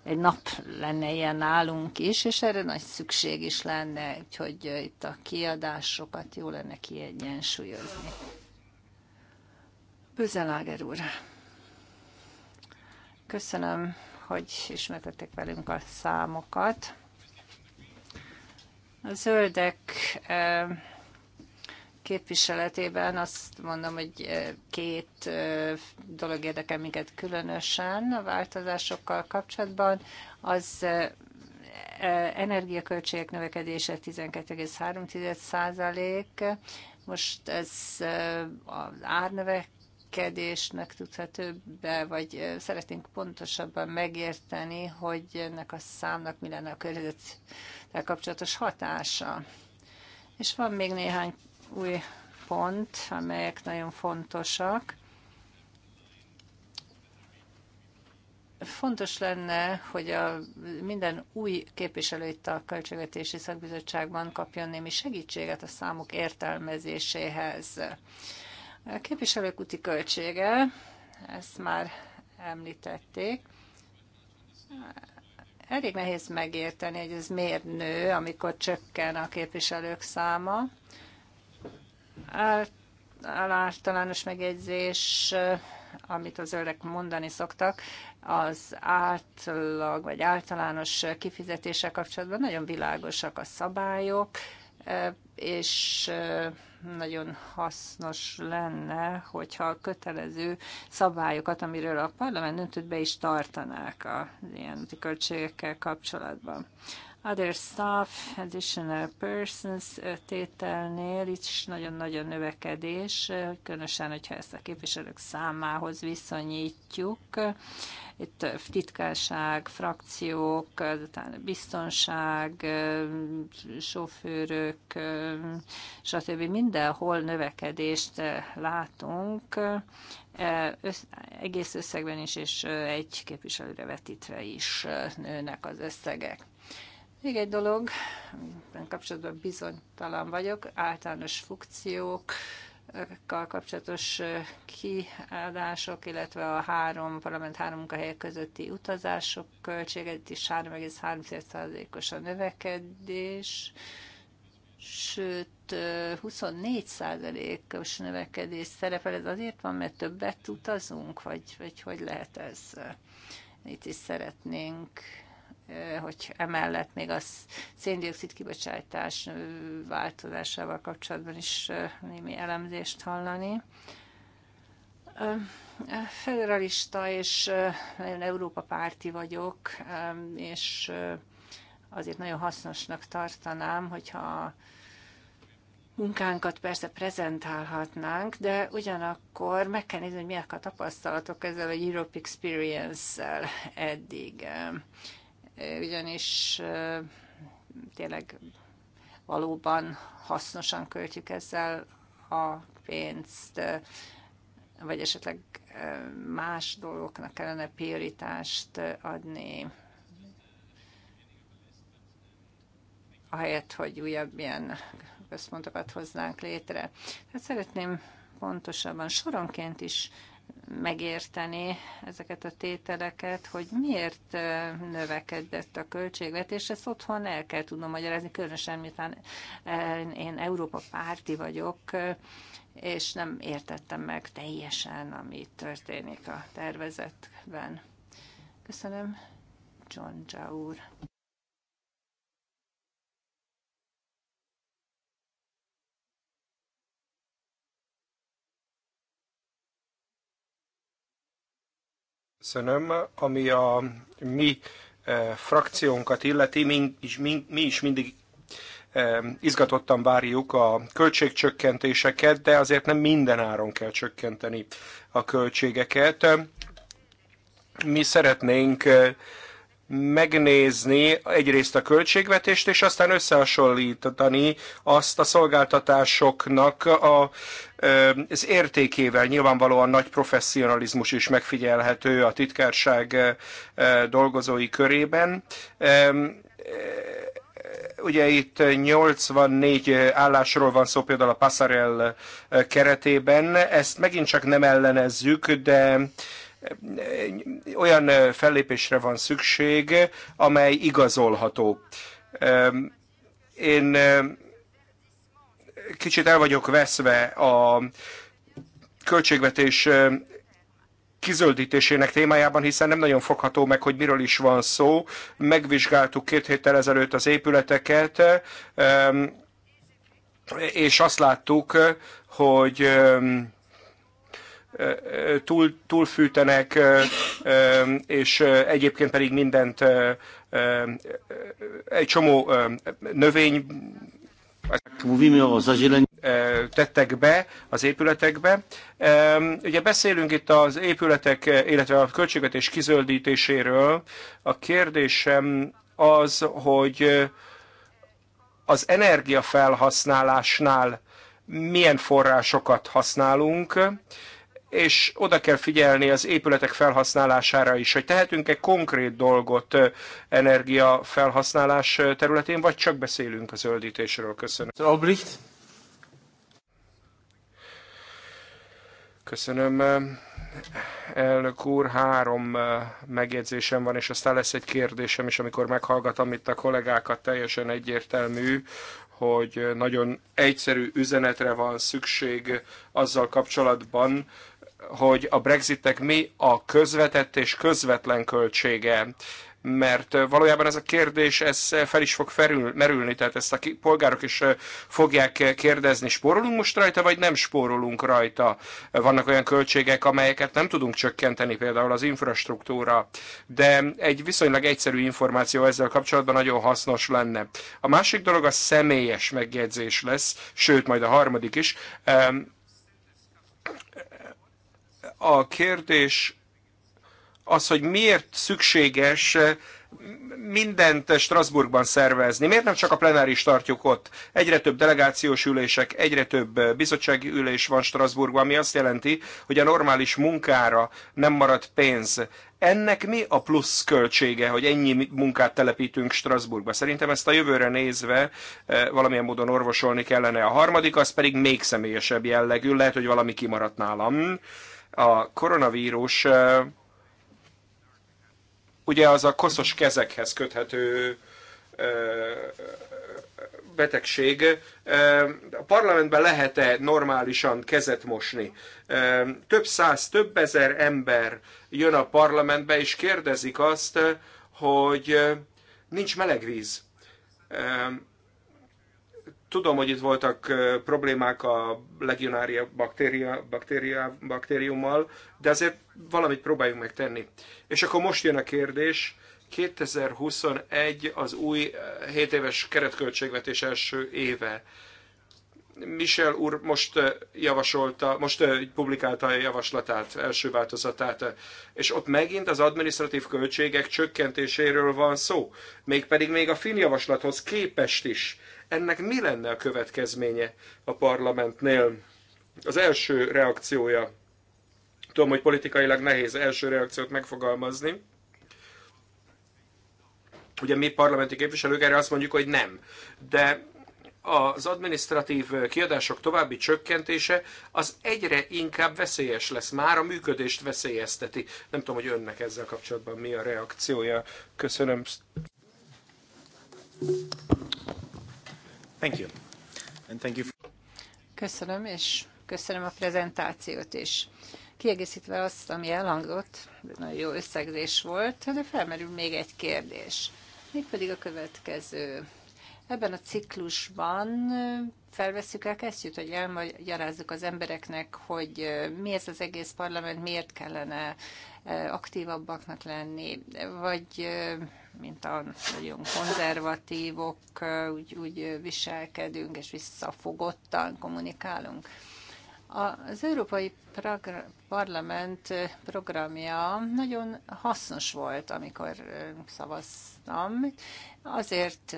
Speaker 2: egy nap lenne ilyen nálunk is, és erre nagy szükség is lenne, úgyhogy itt a kiadásokat jó lenne kiegyensúlyozni. Bözeláger úr, köszönöm, hogy ismertetek velünk a számokat. A zöldek képviseletében azt mondom, hogy két dolog érdekel minket különösen a változásokkal kapcsolatban. Az energiaköltségek növekedése 12,3 százalék, most ez az árnövek növekedésnek tudható be, vagy szeretnénk pontosabban megérteni, hogy ennek a számnak mi lenne a környezettel kapcsolatos hatása. És van még néhány új pont, amelyek nagyon fontosak. Fontos lenne, hogy a minden új képviselő itt a Költségvetési Szakbizottságban kapjon némi segítséget a számok értelmezéséhez. A képviselők úti költsége, ezt már említették. Elég nehéz megérteni, hogy ez miért nő, amikor csökken a képviselők száma. Általános megjegyzés, amit az öreg mondani szoktak, az átlag vagy általános kifizetése kapcsolatban nagyon világosak a szabályok, és nagyon hasznos lenne, hogyha a kötelező szabályokat, amiről a parlament döntött, be is tartanák a ilyen költségekkel kapcsolatban. Other staff, additional persons tételnél itt is nagyon-nagyon növekedés, különösen, hogyha ezt a képviselők számához viszonyítjuk itt titkárság, frakciók, biztonság, sofőrök, stb. Mindenhol növekedést látunk, össz, egész összegben is, és egy képviselőre vetítve is nőnek az összegek. Még egy dolog, amiben kapcsolatban bizonytalan vagyok, általános funkciók, kapcsolatos kiadások, illetve a három parlament három munkahelyek közötti utazások költségeit is 3,3%-os a növekedés, sőt 24%-os növekedés szerepel. Ez azért van, mert többet utazunk, vagy, vagy hogy lehet ez? Itt is szeretnénk Eh, hogy emellett még a széndiokszid kibocsátás eh, változásával kapcsolatban is eh, némi elemzést hallani. Federalista és nagyon Európa párti vagyok, és azért nagyon hasznosnak tartanám, hogyha munkánkat persze prezentálhatnánk, de ugyanakkor meg kell nézni, hogy milyen a tapasztalatok ezzel a Europe Experience-szel eddig ugyanis tényleg valóban hasznosan költjük ezzel a pénzt, vagy esetleg más dolgoknak kellene prioritást adni, ahelyett, hogy újabb ilyen központokat hoznánk létre. Tehát szeretném pontosabban soronként is megérteni ezeket a tételeket, hogy miért növekedett a költségvetés, ezt otthon el kell tudnom magyarázni, különösen miután én Európa párti vagyok, és nem értettem meg teljesen, ami történik a tervezetben. Köszönöm, John Zsa úr.
Speaker 1: Köszönöm. Ami a mi eh, frakciónkat illeti, mi is, mi, mi is mindig eh, izgatottan várjuk a költségcsökkentéseket, de azért nem minden áron kell csökkenteni a költségeket. Mi szeretnénk eh, megnézni egyrészt a költségvetést, és aztán összehasonlítani azt a szolgáltatásoknak a, az értékével. Nyilvánvalóan nagy professzionalizmus is megfigyelhető a titkárság dolgozói körében ugye itt 84 állásról van szó például a Passarel keretében, ezt megint csak nem ellenezzük, de olyan fellépésre van szükség, amely igazolható. Én kicsit el vagyok veszve a költségvetés kizöldítésének témájában, hiszen nem nagyon fogható meg, hogy miről is van szó. Megvizsgáltuk két héttel ezelőtt az épületeket, és azt láttuk, hogy túl, túlfűtenek, és egyébként pedig mindent egy csomó növény tettek be az épületekbe. Ugye beszélünk itt az épületek, illetve a költségvetés kizöldítéséről. A kérdésem az, hogy az energiafelhasználásnál milyen forrásokat használunk, és oda kell figyelni az épületek felhasználására is, hogy tehetünk-e konkrét dolgot energia felhasználás területén, vagy csak beszélünk a zöldítésről. Köszönöm. Albrecht? Köszönöm. Elnök úr, három megjegyzésem van, és aztán lesz egy kérdésem is, amikor meghallgatom itt a kollégákat, teljesen egyértelmű, hogy nagyon egyszerű üzenetre van szükség azzal kapcsolatban, hogy a Brexitnek mi a közvetett és közvetlen költsége mert valójában ez a kérdés ez fel is fog ferül, merülni, tehát ezt a polgárok is fogják kérdezni, spórolunk most rajta, vagy nem spórolunk rajta. Vannak olyan költségek, amelyeket nem tudunk csökkenteni, például az infrastruktúra, de egy viszonylag egyszerű információ ezzel kapcsolatban nagyon hasznos lenne. A másik dolog a személyes megjegyzés lesz, sőt, majd a harmadik is a kérdés az, hogy miért szükséges mindent Strasbourgban szervezni. Miért nem csak a plenáris tartjuk ott? Egyre több delegációs ülések, egyre több bizottsági ülés van Strasbourgban, ami azt jelenti, hogy a normális munkára nem marad pénz. Ennek mi a plusz költsége, hogy ennyi munkát telepítünk Strasbourgba? Szerintem ezt a jövőre nézve eh, valamilyen módon orvosolni kellene. A harmadik, az pedig még személyesebb jellegű, lehet, hogy valami kimaradt nálam a koronavírus ugye az a koszos kezekhez köthető betegség. A parlamentben lehet-e normálisan kezet mosni? Több száz, több ezer ember jön a parlamentbe, és kérdezik azt, hogy nincs meleg víz. Tudom, hogy itt voltak problémák a legionária baktéria, baktéria, baktériummal, de azért valamit próbáljunk meg tenni. És akkor most jön a kérdés, 2021 az új 7 éves keretköltségvetés első éve. Michel úr most javasolta, most publikálta a javaslatát, első változatát, és ott megint az administratív költségek csökkentéséről van szó, mégpedig még a finn javaslathoz képest is. Ennek mi lenne a következménye a parlamentnél? Az első reakciója, tudom, hogy politikailag nehéz első reakciót megfogalmazni, ugye mi parlamenti képviselők erre azt mondjuk, hogy nem. De az administratív kiadások további csökkentése az egyre inkább veszélyes lesz, már a működést veszélyezteti. Nem tudom, hogy önnek ezzel kapcsolatban mi a reakciója. Köszönöm.
Speaker 2: Köszönöm, és köszönöm a prezentációt is. Kiegészítve azt, ami elhangzott, nagyon jó összegzés volt, de felmerül még egy kérdés. pedig a következő. Ebben a ciklusban felveszük el kesztyűt, hogy elmagyarázzuk az embereknek, hogy mi ez az egész parlament, miért kellene aktívabbaknak lenni, vagy mint a nagyon konzervatívok, úgy, úgy viselkedünk és visszafogottan kommunikálunk. Az Európai Parlament programja nagyon hasznos volt, amikor szavaztam. Azért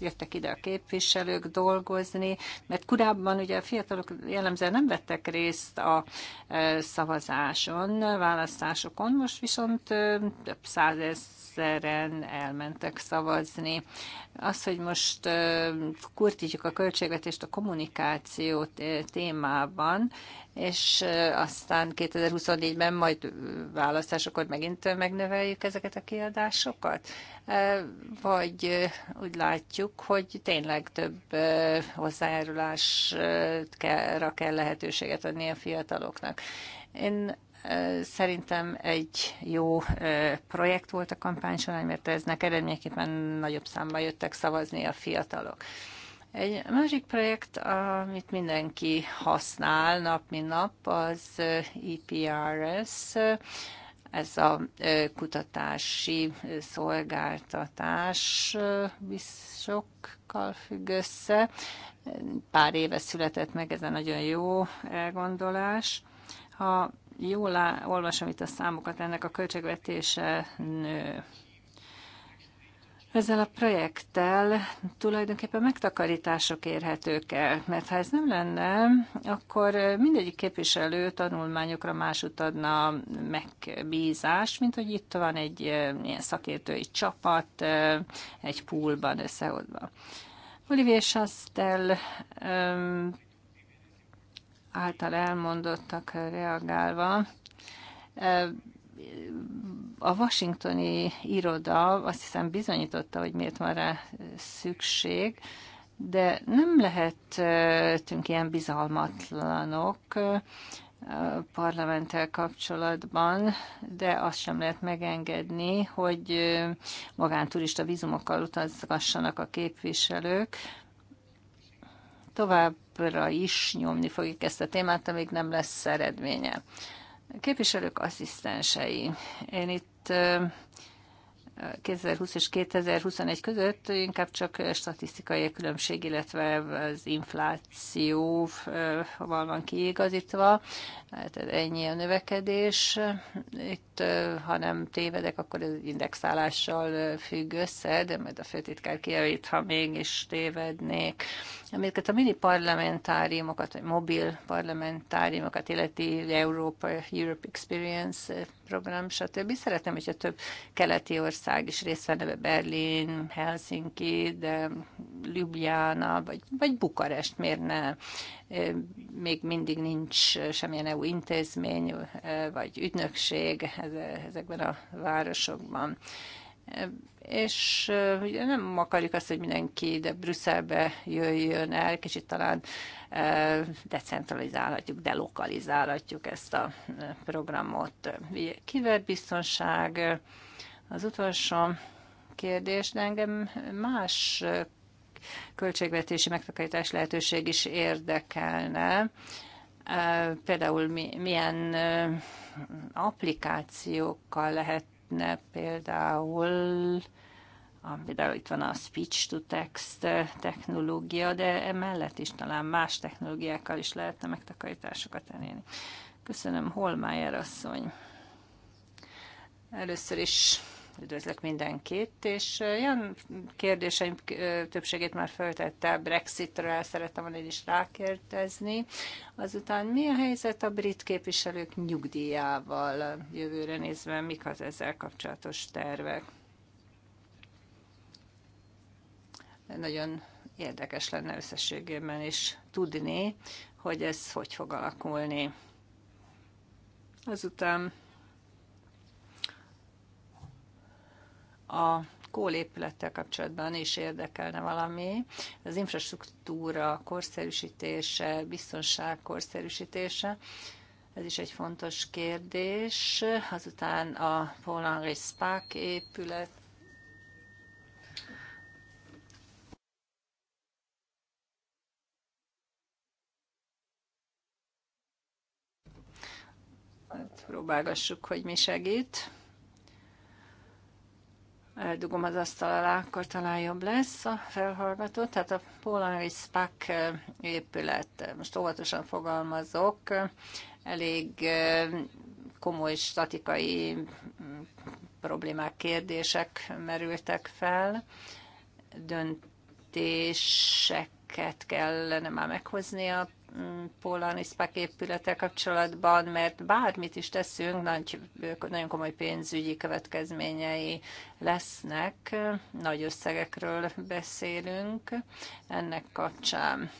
Speaker 2: jöttek ide a képviselők dolgozni, mert korábban ugye a fiatalok jellemzően nem vettek részt a e, szavazáson, választásokon, most viszont e, több százezeren elmentek szavazni. Az, hogy most e, kurtítjuk a költségvetést a kommunikáció témában, és aztán 2024-ben majd választásokon megint megnöveljük ezeket a kiadásokat? Vagy úgy látjuk, hogy tényleg több hozzájárulásra kell lehetőséget adni a fiataloknak. Én szerintem egy jó projekt volt a kampány során, mert eznek eredményeképpen nagyobb számban jöttek szavazni a fiatalok. Egy másik projekt, amit mindenki használ nap, mint nap, az EPRS, ez a kutatási szolgáltatás sokkal függ össze. Pár éve született meg, ez a nagyon jó elgondolás. Ha jól olvasom itt a számokat, ennek a költségvetése nő. Ezzel a projekttel tulajdonképpen megtakarítások érhetők el, mert ha ez nem lenne, akkor mindegyik képviselő tanulmányokra másút adna megbízás, mint hogy itt van egy eh, ilyen szakértői csapat, eh, egy poolban összehozva. Olivier Sastel által elmondottak reagálva, a washingtoni iroda azt hiszem bizonyította, hogy miért van rá szükség, de nem lehetünk ilyen bizalmatlanok parlamenttel kapcsolatban, de azt sem lehet megengedni, hogy magánturista vízumokkal utazgassanak a képviselők. Továbbra is nyomni fogjuk ezt a témát, amíg nem lesz eredménye. Képviselők asszisztensei. Én itt itt 2020 és 2021 között inkább csak statisztikai különbség, illetve az inflációval van kiigazítva, tehát ennyi a növekedés. Itt, ha nem tévedek, akkor ez indexálással függ össze, de majd a főtitkár kijavít, ha mégis tévednék amiket a mini parlamentáriumokat, vagy mobil parlamentáriumokat illeti Európa, Europe Experience eh, program, stb. Szeretném, hogyha több keleti ország is részt venne, Berlin, Helsinki, de Ljubljana, vagy, vagy Bukarest, miért ne? Eh, még mindig nincs eh, semmilyen EU intézmény, vagy ügynökség ezekben a városokban és nem akarjuk azt, hogy mindenki ide Brüsszelbe jöjjön el, kicsit talán decentralizálhatjuk, delokalizálhatjuk ezt a programot. Kiberbiztonság az utolsó kérdés, de engem más költségvetési megtakarítás lehetőség is érdekelne. Például milyen applikációkkal lehetne például a, például itt van a speech to text eh, technológia, de emellett is talán más technológiákkal is lehetne megtakarításokat elérni. Köszönöm, Holmájer asszony. Először is üdvözlök mindenkit, és eh, olyan kérdéseim eh, többségét már föltette, Brexitről szerettem volna én is rákérdezni. Azután mi a helyzet a brit képviselők nyugdíjával jövőre nézve, mik az ezzel kapcsolatos tervek? Nagyon érdekes lenne összességében is tudni, hogy ez hogy fog alakulni. Azután a kólépülettel kapcsolatban is érdekelne valami. Az infrastruktúra korszerűsítése, biztonság korszerűsítése, ez is egy fontos kérdés. Azután a Paul-Henri Spack épület próbálgassuk, hogy mi segít. Eldugom az asztal alá, akkor talán jobb lesz a felhallgató. Tehát a Polaris Spack épület, most óvatosan fogalmazok, elég komoly statikai mm, problémák, kérdések merültek fel, döntéseket kellene már meghozni a Polaniszpák épülete kapcsolatban, mert bármit is teszünk, nagy, nagyon komoly pénzügyi következményei lesznek, nagy összegekről beszélünk ennek kapcsán.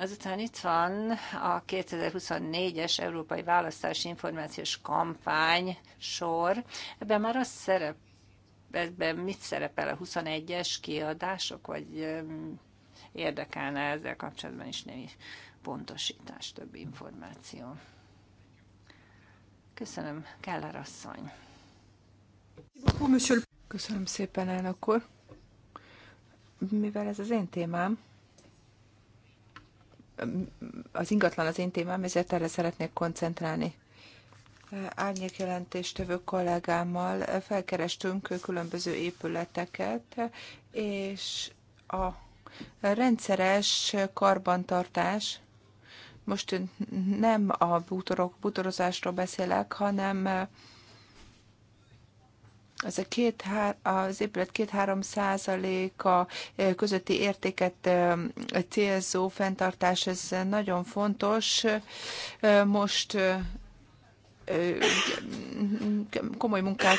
Speaker 2: Azután itt van a 2024-es Európai Választási Információs Kampány sor. Ebben már az szerep, ebben mit szerepel a 21-es kiadások, vagy érdekelne ezzel kapcsolatban is némi pontosítás, több információ. Köszönöm, Keller asszony.
Speaker 3: Köszönöm szépen, elnök úr. Mivel ez az én témám, az ingatlan az én témám, ezért erre szeretnék koncentrálni. Árnyékjelentéstevő kollégámmal felkerestünk különböző épületeket, és a Rendszeres karbantartás, most nem a bútorok, bútorozásról beszélek, hanem az, a két, az épület 2-3 százaléka közötti értéket célzó fenntartás, ez nagyon fontos. Most komoly munkák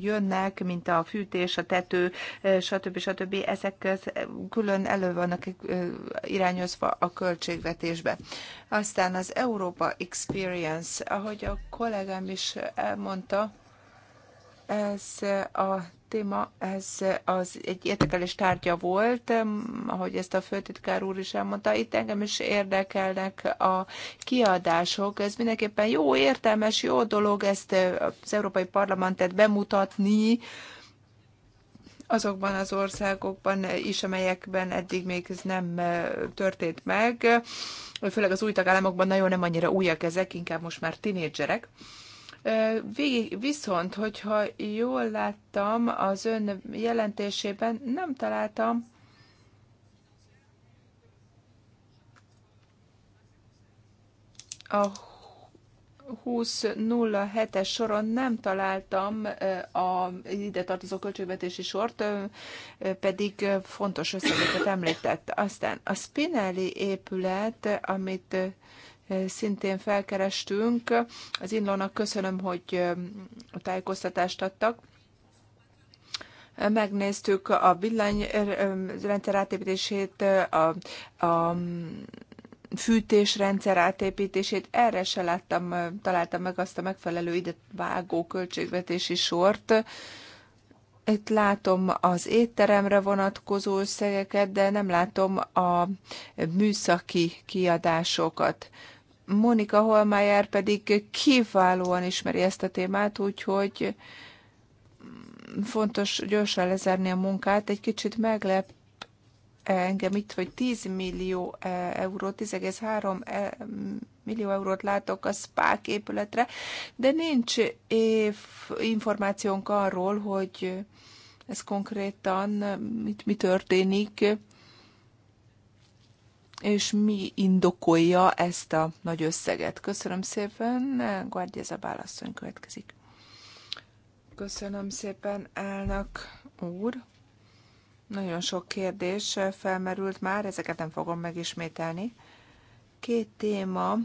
Speaker 3: jönnek, mint a fűtés, a tető, stb. stb. Ezek külön elő vannak irányozva a költségvetésbe. Aztán az Európa Experience, ahogy a kollégám is elmondta, ez a téma, ez az egy érdekelés tárgya volt, ahogy ezt a főtitkár úr is elmondta, itt engem is érdekelnek a kiadások. Ez mindenképpen jó, értelmes, jó dolog ezt az Európai Parlamentet bemutatni, azokban az országokban is, amelyekben eddig még ez nem történt meg. Főleg az új tagállamokban nagyon nem annyira újak ezek, inkább most már tinédzserek. Végig, viszont, hogyha jól láttam az ön jelentésében, nem találtam a 20.07-es soron nem találtam a ide tartozó költségvetési sort, pedig fontos összegeket említett. Aztán a Spinelli épület, amit szintén felkerestünk. Az Inlónak köszönöm, hogy a tájékoztatást adtak. Megnéztük a villanyrendszer átépítését, a, a fűtésrendszer átépítését, erre se láttam, találtam meg azt a megfelelő ide vágó költségvetési sort. Itt látom az étteremre vonatkozó összegeket, de nem látom a műszaki kiadásokat. Monika Holmeyer pedig kiválóan ismeri ezt a témát, úgyhogy fontos gyorsan lezárni a munkát. Egy kicsit meglep engem itt, hogy 10 millió e, eurót, 10,3 e, millió eurót látok a SPÁK épületre, de nincs év információnk arról, hogy ez konkrétan mit, mi történik, és mi indokolja ezt a nagy összeget. Köszönöm szépen, Guardia a asszony következik. Köszönöm szépen, elnök úr. Nagyon sok kérdés felmerült már, ezeket nem fogom megismételni. Két téma,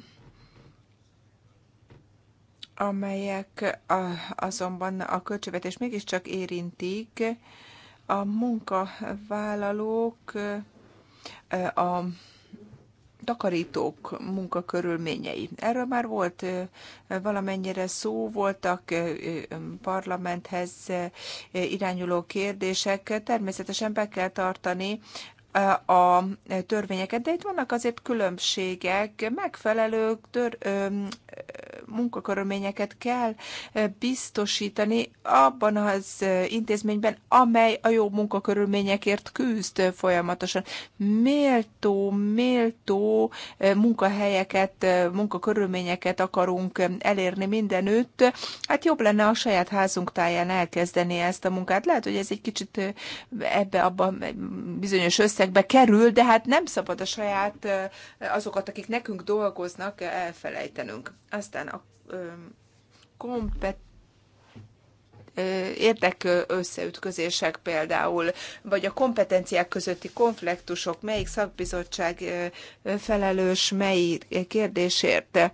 Speaker 3: amelyek azonban a költségvetés mégiscsak érintik, a munkavállalók, a takarítók munkakörülményei. Erről már volt valamennyire szó, voltak parlamenthez irányuló kérdések. Természetesen be kell tartani a törvényeket, de itt vannak azért különbségek, megfelelő tör, ö, munkakörülményeket kell biztosítani abban az intézményben, amely a jó munkakörülményekért küzd folyamatosan. Méltó, méltó munkahelyeket, munkakörülményeket akarunk elérni mindenütt. Hát jobb lenne a saját házunk táján elkezdeni ezt a munkát. Lehet, hogy ez egy kicsit ebbe abban bizonyos össze pénzekbe kerül, de hát nem szabad a saját azokat, akik nekünk dolgoznak, elfelejtenünk. Aztán a kompet érdek összeütközések például, vagy a kompetenciák közötti konfliktusok, melyik szakbizottság felelős mely kérdésért.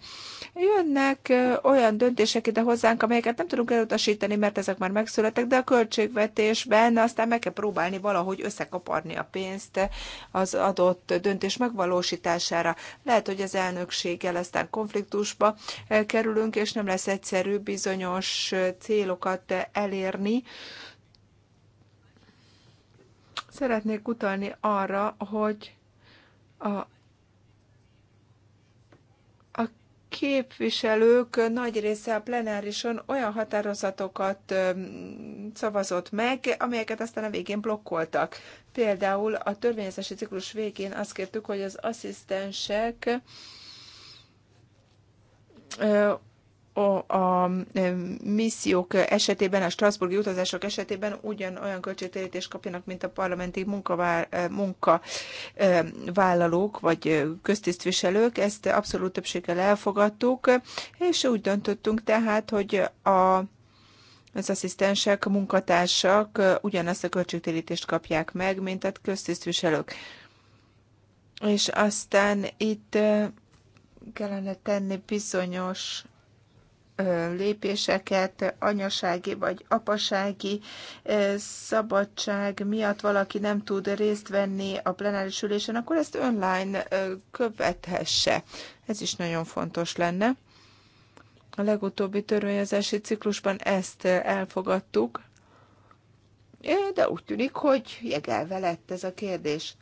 Speaker 3: Jönnek olyan döntések ide hozzánk, amelyeket nem tudunk elutasítani, mert ezek már megszülettek, de a költségvetésben aztán meg kell próbálni valahogy összekaparni a pénzt az adott döntés megvalósítására. Lehet, hogy az elnökséggel aztán konfliktusba kerülünk, és nem lesz egyszerű bizonyos célokat elérni. Szeretnék utalni arra, hogy a képviselők nagy része a plenárison olyan határozatokat szavazott meg, amelyeket aztán a végén blokkoltak. Például a törvényezési ciklus végén azt kértük, hogy az asszisztensek a, a missziók esetében, a Strasburgi utazások esetében ugyanolyan költségtérítést kapjanak, mint a parlamenti munkavállalók vagy köztisztviselők. Ezt abszolút többséggel elfogadtuk, és úgy döntöttünk tehát, hogy a az asszisztensek, munkatársak ugyanazt a költségtérítést kapják meg, mint a köztisztviselők. És aztán itt kellene tenni bizonyos lépéseket anyasági vagy apasági szabadság miatt valaki nem tud részt venni a plenáris ülésen, akkor ezt online követhesse. Ez is nagyon fontos lenne. A legutóbbi törvényezési ciklusban ezt elfogadtuk, de úgy tűnik, hogy jegelve lett ez a kérdés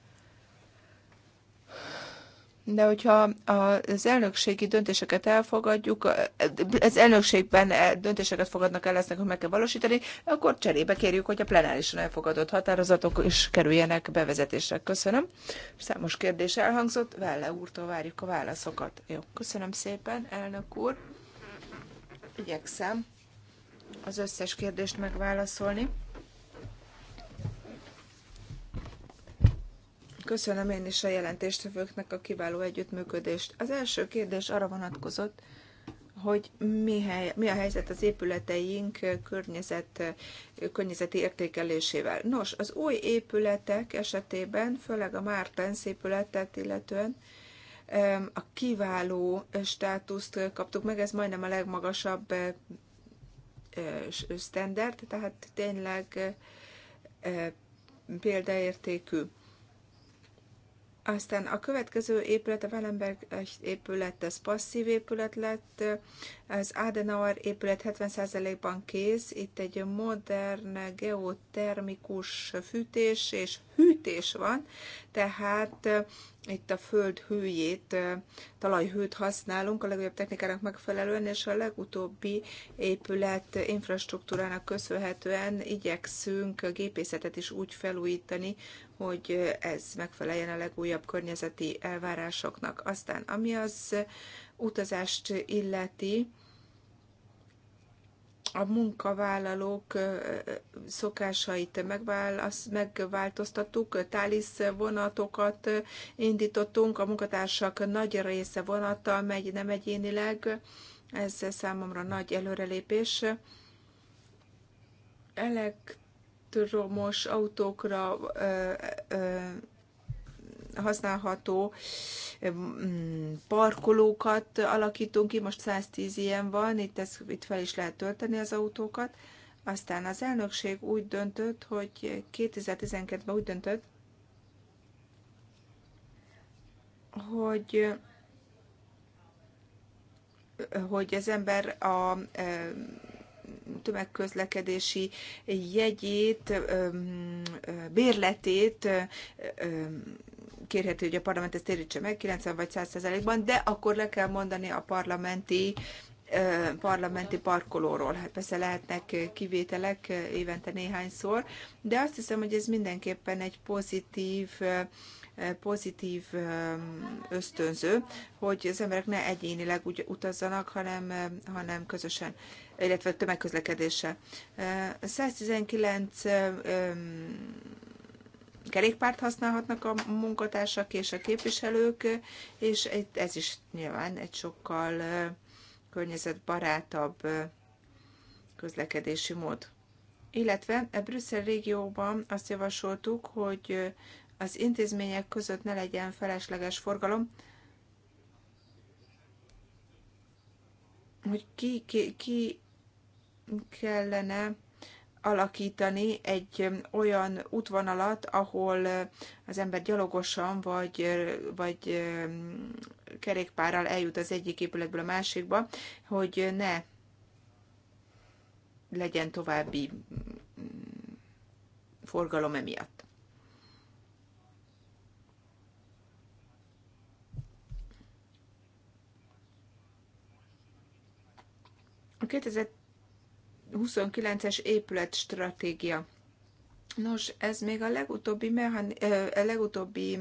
Speaker 3: de hogyha az elnökségi döntéseket elfogadjuk, az elnökségben döntéseket fogadnak el, lesznek, hogy meg kell valósítani, akkor cserébe kérjük, hogy a plenárisan elfogadott határozatok is kerüljenek bevezetésre. Köszönöm. Számos kérdés elhangzott, Velle úrtól várjuk a válaszokat. Jó, köszönöm szépen, elnök úr. Igyekszem az összes kérdést megválaszolni. Köszönöm én is a jelentéstevőknek a kiváló együttműködést. Az első kérdés arra vonatkozott, hogy mi, hely, mi a helyzet az épületeink környezet, környezeti értékelésével. Nos, az új épületek esetében, főleg a Mártens épületet illetően, a kiváló státuszt kaptuk meg, ez majdnem a legmagasabb standard, tehát tényleg példaértékű. Aztán a következő épület, a Wellenberg épület, ez passzív épület lett, az Adenauer épület 70%-ban kész, itt egy modern geotermikus fűtés és hű hűtés van, tehát itt a föld hőjét, talajhőt használunk a legjobb technikának megfelelően, és a legutóbbi épület infrastruktúrának köszönhetően igyekszünk a gépészetet is úgy felújítani, hogy ez megfeleljen a legújabb környezeti elvárásoknak. Aztán, ami az utazást illeti, a munkavállalók szokásait megváltoztattuk, tális vonatokat indítottunk, a munkatársak nagy része vonattal megy, nem egyénileg, ez számomra nagy előrelépés. Elektromos autókra használható mm, parkolókat alakítunk ki, most 110 ilyen van, itt, ez, itt fel is lehet tölteni az autókat. Aztán az elnökség úgy döntött, hogy 2012-ben úgy döntött, hogy hogy az ember a tömegközlekedési jegyét, bérletét kérheti, hogy a parlament ezt térítse meg 90 vagy 100 százalékban, de akkor le kell mondani a parlamenti parlamenti parkolóról. Hát persze lehetnek kivételek évente néhányszor, de azt hiszem, hogy ez mindenképpen egy pozitív pozitív ösztönző, hogy az emberek ne egyénileg úgy utazzanak, hanem, hanem közösen, illetve tömegközlekedéssel. 119 kerékpárt használhatnak a munkatársak és a képviselők, és ez is nyilván egy sokkal környezetbarátabb közlekedési mód. Illetve a Brüsszel régióban azt javasoltuk, hogy az intézmények között ne legyen felesleges forgalom, hogy ki, ki, ki kellene alakítani egy olyan útvonalat, ahol az ember gyalogosan vagy, vagy kerékpárral eljut az egyik épületből a másikba, hogy ne legyen további forgalom emiatt. A 2000 29-es épületstratégia. Nos, ez még a legutóbbi, mehan, a legutóbbi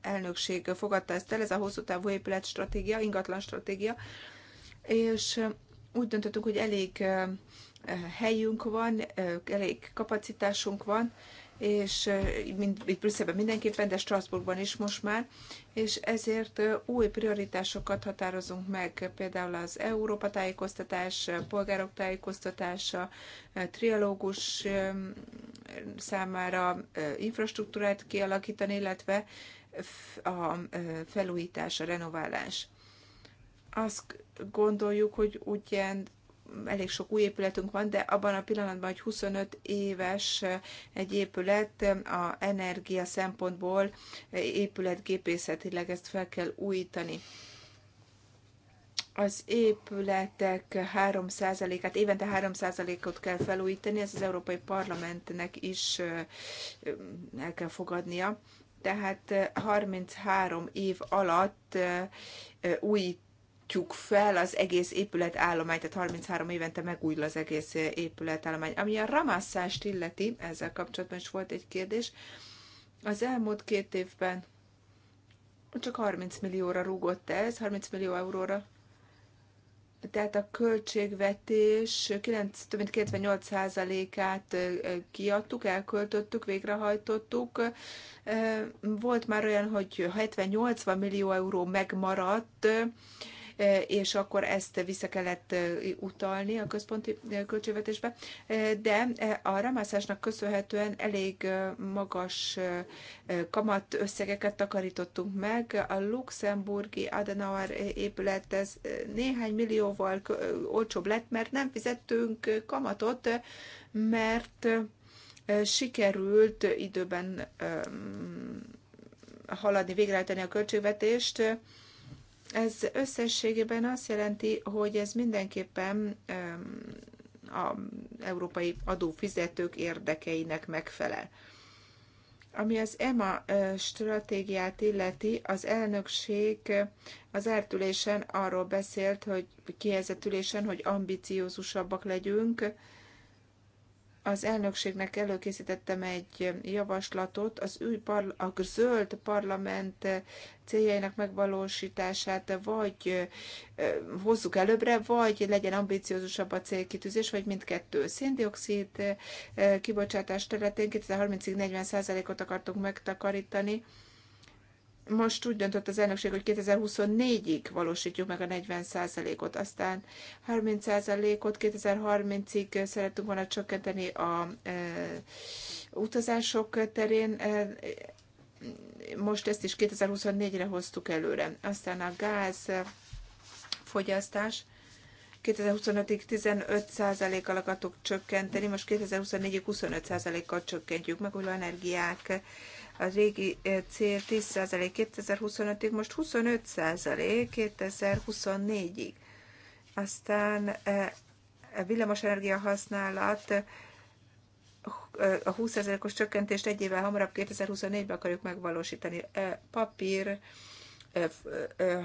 Speaker 3: elnökség fogadta ezt el, ez a hosszú távú épületstratégia, ingatlan stratégia, és úgy döntöttünk, hogy elég helyünk van, elég kapacitásunk van, és mind, itt Brüsszelben mindenképpen, de Strasbourgban is most már, és ezért új prioritásokat határozunk meg, például az Európa tájékoztatás, polgárok tájékoztatása, trialógus számára infrastruktúrát kialakítani, illetve a felújítás, a renoválás. Azt gondoljuk, hogy ugyan elég sok új épületünk van, de abban a pillanatban, hogy 25 éves eh, egy épület eh, a energia szempontból eh, épületgépészetileg ezt fel kell újítani az épületek 3%-át, évente 3%-ot kell felújítani, ez az Európai Parlamentnek is el kell fogadnia. Tehát 33 év alatt újít, újítjuk fel az egész épület állományt tehát 33 évente megújul az egész épület állomány, Ami a ramasszást illeti, ezzel kapcsolatban is volt egy kérdés, az elmúlt két évben csak 30 millióra rúgott ez, 30 millió euróra. Tehát a költségvetés 9, több mint 98%-át kiadtuk, elköltöttük, végrehajtottuk. Volt már olyan, hogy 70-80 millió euró megmaradt E, és akkor ezt vissza kellett e, utalni a központi e, költségvetésbe, de a remászásnak köszönhetően elég magas kamat összegeket takarítottunk meg. A luxemburgi Adenauer épület ez néhány millióval olcsóbb lett, mert nem fizettünk kamatot, mert sikerült időben haladni, végrehajtani a költségvetést, ez összességében azt jelenti, hogy ez mindenképpen a európai adófizetők érdekeinek megfelel. Ami az EMA stratégiát illeti, az elnökség az ártülésen arról beszélt, hogy kihezetülésen, hogy ambiciózusabbak legyünk, az elnökségnek előkészítettem egy javaslatot az új parla- a zöld parlament céljainak megvalósítását, vagy hozzuk előbbre, vagy legyen ambiciózusabb a célkitűzés, vagy mindkettő. Széndiokszid kibocsátás területén 2030-ig 40%-ot akartunk megtakarítani, most úgy döntött az elnökség, hogy 2024-ig valósítjuk meg a 40%-ot, aztán 30%-ot 2030-ig szerettünk volna csökkenteni a e, utazások terén, e, most ezt is 2024-re hoztuk előre. Aztán a gáz fogyasztás 2025-ig 15%-kal akartuk csökkenteni, most 2024-ig 25%-kal csökkentjük meg a energiák a régi eh, cél 10% 2025-ig, most 25% 2024-ig. Aztán eh, a villamosenergia használat eh, a 20%-os csökkentést egy évvel hamarabb 2024-ben akarjuk megvalósítani. Papír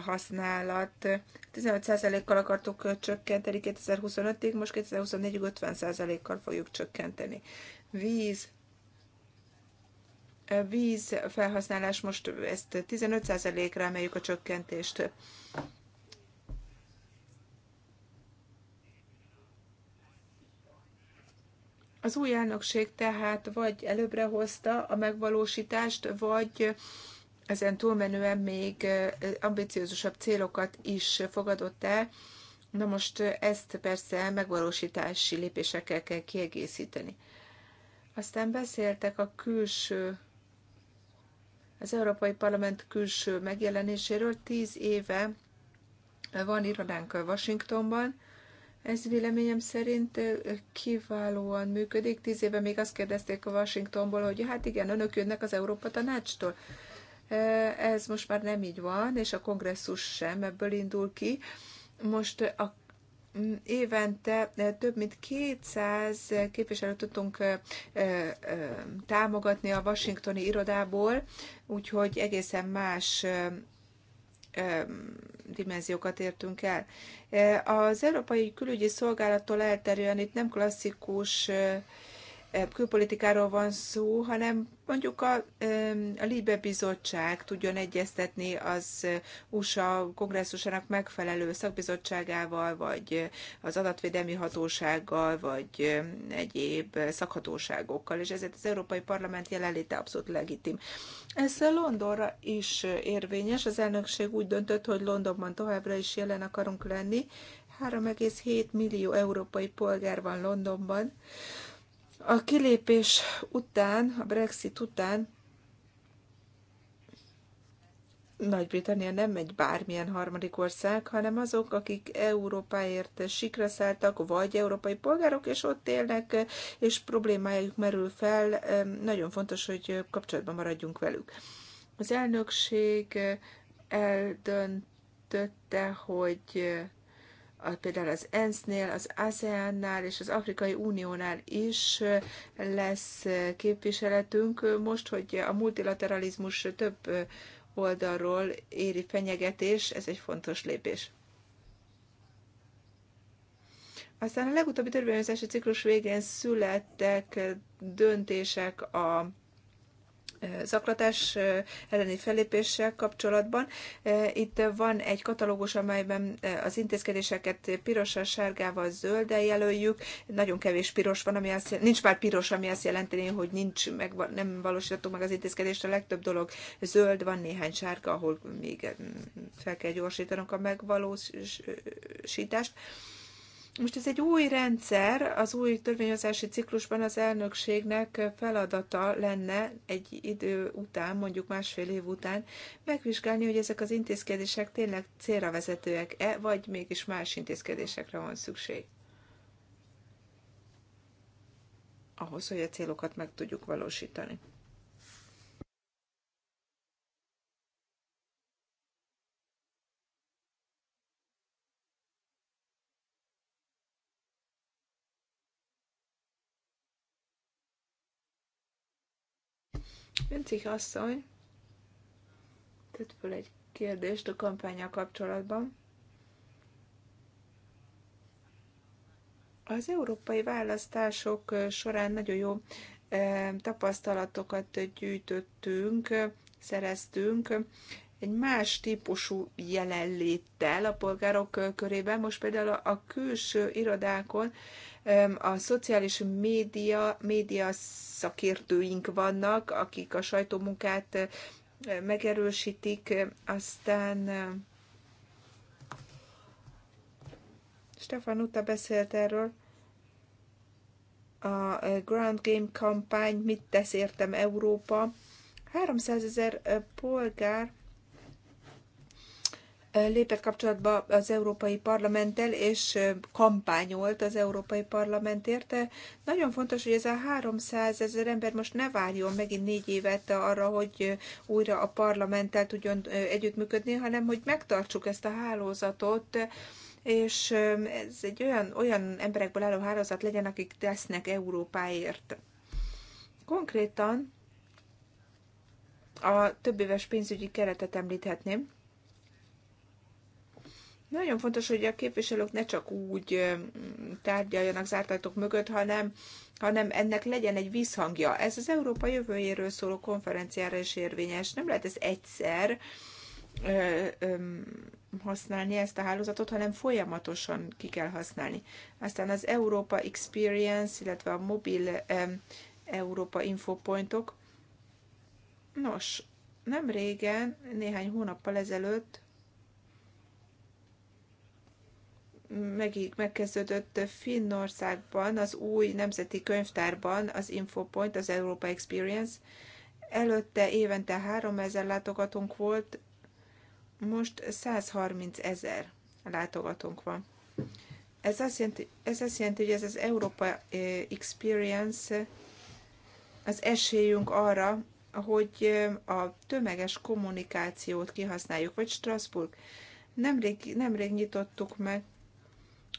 Speaker 3: használat 15%-kal akartuk csökkenteni 2025-ig, most 2024-ig 50%-kal fogjuk csökkenteni. Víz vízfelhasználás most ezt 15%-ra emeljük a csökkentést. Az új elnökség tehát vagy előbbre hozta a megvalósítást, vagy ezen túlmenően még ambiciózusabb célokat is fogadott el. Na most ezt persze megvalósítási lépésekkel kell kiegészíteni. Aztán beszéltek a külső az Európai Parlament külső megjelenéséről. Tíz éve van irodánk Washingtonban. Ez véleményem szerint kiválóan működik. Tíz éve még azt kérdezték a Washingtonból, hogy hát igen, önök jönnek az Európa Tanácstól. Ez most már nem így van, és a kongresszus sem ebből indul ki. Most a évente eh, több mint 200 képviselőt tudtunk eh, eh, támogatni a washingtoni irodából, úgyhogy egészen más dimenziókat értünk el. Az Európai Külügyi Szolgálattól elterülően itt nem klasszikus Eh, külpolitikáról van szó, hanem mondjuk a, a Libe Bizottság tudjon egyeztetni az eh, USA kongresszusának megfelelő szakbizottságával, vagy eh, az adatvédelmi hatósággal, vagy egyéb szakhatóságokkal, és ezért az Európai Parlament jelenléte abszolút legitim. Ez Londonra is érvényes. Az elnökség úgy döntött, hogy Londonban továbbra is jelen akarunk lenni. 3,7 millió európai polgár van Londonban. A kilépés után, a Brexit után Nagy-Britannia nem egy bármilyen harmadik ország, hanem azok, akik Európáért sikra szálltak, vagy európai polgárok, és ott élnek, és problémájuk merül fel. Nagyon fontos, hogy kapcsolatban maradjunk velük. Az elnökség eldöntötte, hogy például az ENSZ-nél, az ASEAN-nál és az Afrikai Uniónál is lesz képviseletünk. Most, hogy a multilateralizmus több oldalról éri fenyegetés, ez egy fontos lépés. Aztán a legutóbbi törvényhozási ciklus végén születtek döntések a zaklatás elleni fellépéssel kapcsolatban. Itt van egy katalógus, amelyben az intézkedéseket pirossal, sárgával, zölddel jelöljük. Nagyon kevés piros van, ami azt, nincs már piros, ami azt jelenteni, hogy nincs, meg, nem valósítottuk meg az intézkedést. A legtöbb dolog zöld, van néhány sárga, ahol még mm, fel kell gyorsítanunk a megvalósítást. Most ez egy új rendszer, az új törvényhozási ciklusban az elnökségnek feladata lenne egy idő után, mondjuk másfél év után, megvizsgálni, hogy ezek az intézkedések tényleg célra vezetőek-e, vagy mégis más intézkedésekre van szükség. Ahhoz, hogy a célokat meg tudjuk valósítani. Vincik asszony tett föl egy kérdést a kampánya kapcsolatban. Az európai választások során nagyon jó tapasztalatokat gyűjtöttünk, szereztünk egy más típusú jelenléttel a polgárok körében. Most például a külső irodákon a szociális média, média szakértőink vannak, akik a sajtómunkát megerősítik, aztán Stefan Uta beszélt erről, a Ground Game kampány, mit tesz értem Európa. 300 ezer polgár lépett kapcsolatba az Európai Parlamenttel, és kampányolt az Európai Parlamentért. Nagyon fontos, hogy ez a 300 ezer ember most ne várjon megint négy évet arra, hogy újra a parlamenttel tudjon együttműködni, hanem hogy megtartsuk ezt a hálózatot, és ez egy olyan, olyan emberekből álló hálózat legyen, akik tesznek Európáért. Konkrétan a több éves pénzügyi keretet említhetném, nagyon fontos, hogy a képviselők ne csak úgy tárgyaljanak zárt ajtók mögött, hanem, hanem ennek legyen egy visszhangja. Ez az Európa jövőjéről szóló konferenciára is érvényes. Nem lehet ez egyszer ö, ö, használni ezt a hálózatot, hanem folyamatosan ki kell használni. Aztán az Európa Experience, illetve a mobil ö, Európa infopointok. Nos, nem régen, néhány hónappal ezelőtt meg, megkezdődött Finnországban, az új nemzeti könyvtárban az Infopoint, az Europa Experience. Előtte évente 3000 látogatónk volt, most 130 ezer látogatónk van. Ez azt, jelenti, ez azt jelenti, hogy ez az Európa eh, Experience az esélyünk arra, hogy eh, a tömeges kommunikációt kihasználjuk, vagy Strasbourg. Nemrég, nemrég nyitottuk meg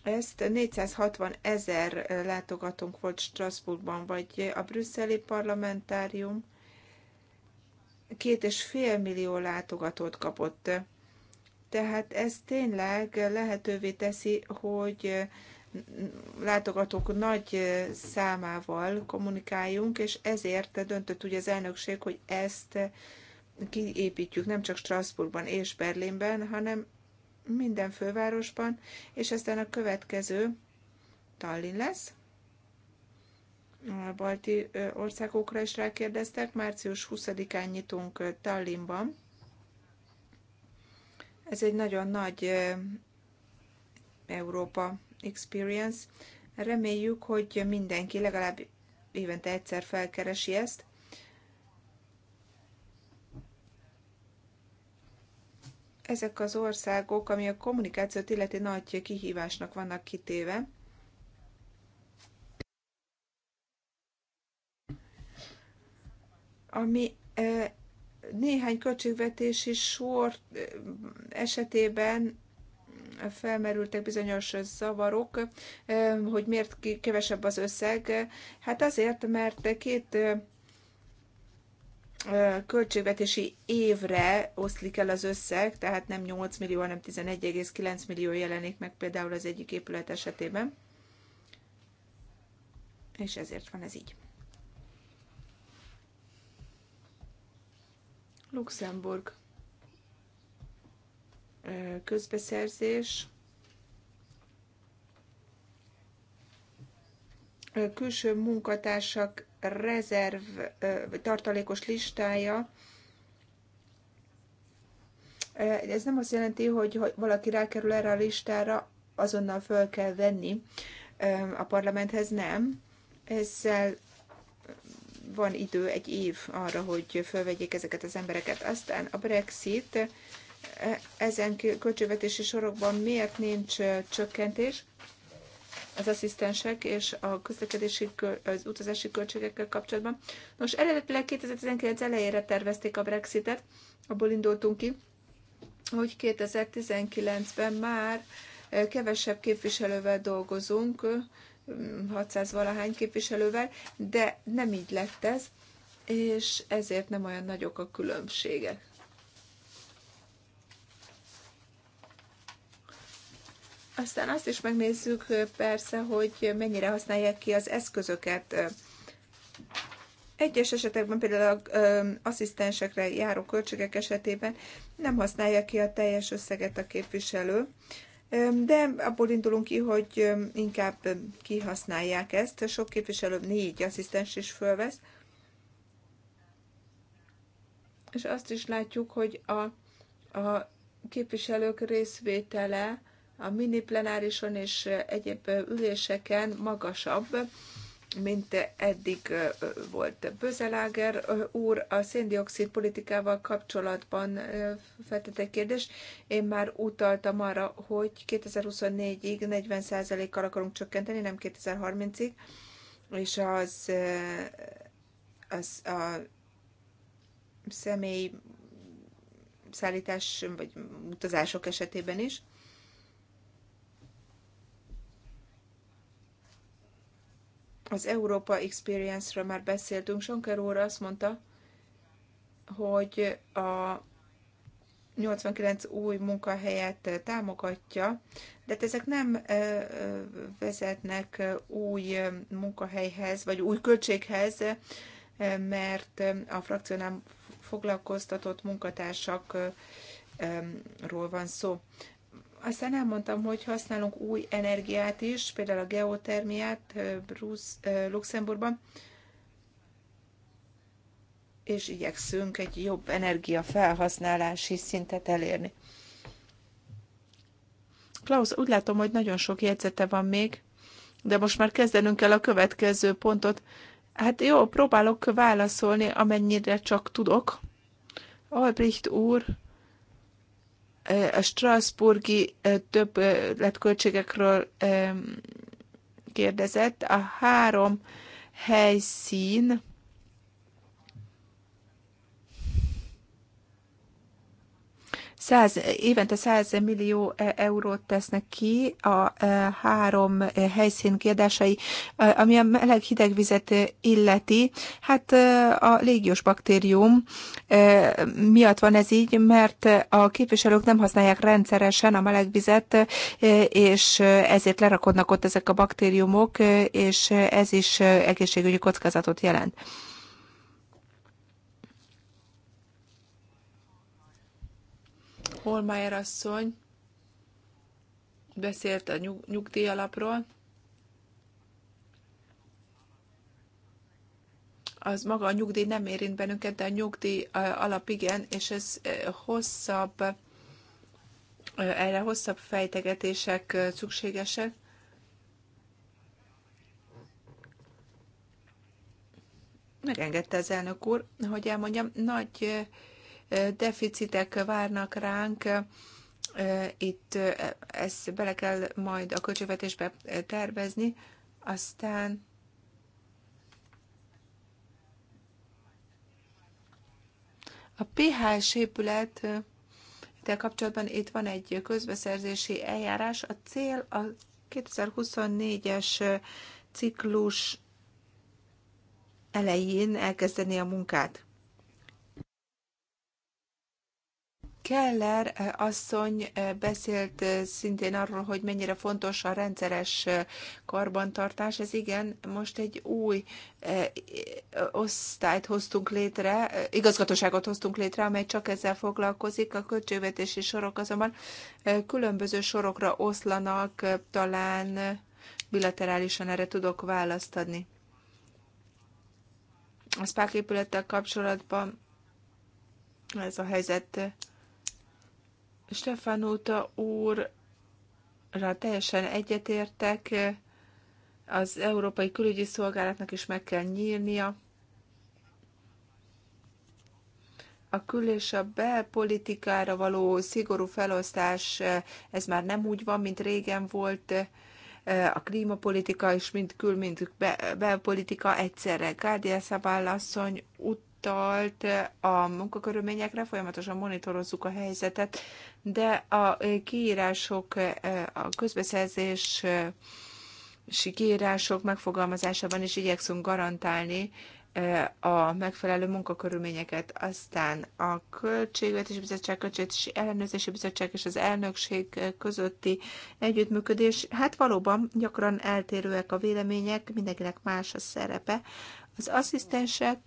Speaker 3: ezt 460 ezer látogatónk volt Strasbourgban, vagy a brüsszeli parlamentárium két és fél millió látogatót kapott. Tehát ez tényleg lehetővé teszi, hogy látogatók nagy számával kommunikáljunk, és ezért döntött úgy az elnökség, hogy ezt kiépítjük nem csak Strasbourgban és Berlinben, hanem minden fővárosban, és aztán a következő Tallinn lesz. A balti országokra is rákérdeztek. Március 20-án nyitunk Tallinnban. Ez egy nagyon nagy Európa experience. Reméljük, hogy mindenki legalább évente egyszer felkeresi ezt, ezek az országok, ami a kommunikációt illeti nagy kihívásnak vannak kitéve. Ami néhány költségvetési sor esetében felmerültek bizonyos zavarok, hogy miért kevesebb az összeg. Hát azért, mert két költségvetési évre oszlik el az összeg, tehát nem 8 millió, hanem 11,9 millió jelenik meg például az egyik épület esetében. És ezért van ez így. Luxemburg közbeszerzés. Külső munkatársak rezerv vagy tartalékos listája, ez nem azt jelenti, hogy ha valaki rákerül erre a listára, azonnal föl kell venni a parlamenthez, nem. Ezzel van idő, egy év arra, hogy fölvegyék ezeket az embereket. Aztán a Brexit, ezen költségvetési sorokban miért nincs csökkentés? az asszisztensek és a közlekedési, az utazási költségekkel kapcsolatban. Nos, eredetileg 2019 elejére tervezték a Brexitet, abból indultunk ki, hogy 2019-ben már e, kevesebb képviselővel dolgozunk, 600 mm, valahány képviselővel, de nem így lett ez, és ezért nem olyan nagyok a különbségek. Aztán azt is megnézzük persze, hogy mennyire használják ki az eszközöket. Egyes esetekben például az asszisztensekre járó költségek esetében nem használja ki a teljes összeget a képviselő, de abból indulunk ki, hogy inkább kihasználják ezt. Sok képviselő négy asszisztens is fölvesz. És azt is látjuk, hogy a, a képviselők részvétele a mini plenárison és egyéb üléseken magasabb, mint eddig volt. Bözeláger úr a széndiokszid politikával kapcsolatban feltett egy kérdést. Én már utaltam arra, hogy 2024-ig 40%-kal akarunk csökkenteni, nem 2030-ig, és az, az a személy szállítás vagy utazások esetében is. Az Európa Experience-ről már beszéltünk. Sonker úr azt mondta, hogy a 89 új munkahelyet támogatja, de hát ezek nem vezetnek új munkahelyhez, vagy új költséghez, mert a frakciónál foglalkoztatott munkatársakról van szó. Aztán elmondtam, hogy használunk új energiát is, például a geotermiát Bruce, Luxemburgban, és igyekszünk egy jobb energiafelhasználási szintet elérni. Klaus, úgy látom, hogy nagyon sok jegyzete van még, de most már kezdenünk kell a következő pontot. Hát jó, próbálok válaszolni, amennyire csak tudok. Albrecht úr, a Strasburgi letköltségekről kérdezett. A három helyszín 100, évente 100 millió e, eurót tesznek ki a e, három e, helyszín kiadásai, ami a meleg-hideg vizet illeti. Hát a légiós baktérium miatt van ez így, mert a képviselők nem használják rendszeresen a melegvizet, és ezért lerakodnak ott ezek a baktériumok, és ez is egészségügyi kockázatot jelent. Holmeier asszony beszélt a nyug- nyugdíjalapról. Az maga a nyugdíj nem érint bennünket, de a nyugdíj alap igen, és ez hosszabb, erre hosszabb fejtegetések szükségesek. Megengedte az elnök úr, hogy elmondjam, nagy deficitek várnak ránk, itt ezt bele kell majd a költségvetésbe tervezni, aztán a PHS épület de kapcsolatban itt van egy közbeszerzési eljárás. A cél a 2024-es ciklus elején elkezdeni a munkát. Keller eh, asszony eh, beszélt eh, szintén arról, hogy mennyire fontos a rendszeres karbantartás. Ez igen, most egy új osztályt hoztunk létre, igazgatóságot hoztunk létre, amely csak ezzel foglalkozik. A költségvetési sorok azonban különböző sorokra oszlanak, talán bilaterálisan erre tudok választ adni. A SPÁK épülettel kapcsolatban ez a helyzet Stefanóta rá teljesen egyetértek, az Európai Külügyi Szolgálatnak is meg kell nyílnia. A kül- és a belpolitikára való szigorú felosztás, ez már nem úgy van, mint régen volt, a klímapolitika is, mind kül, mind belpolitika egyszerre. Gárdia Szabál asszony ut- utalt eh, a munkakörülményekre, folyamatosan monitorozzuk a helyzetet, de a eh, kiírások, eh, a közbeszerzés sikírások megfogalmazásában is igyekszünk garantálni a megfelelő munkakörülményeket. Aztán a Költségvetési Bizottság, Költségvetési Ellenőrzési Bizottság és az elnökség közötti együttműködés, hát valóban gyakran eltérőek a vélemények, mindenkinek más a szerepe. Az asszisztensek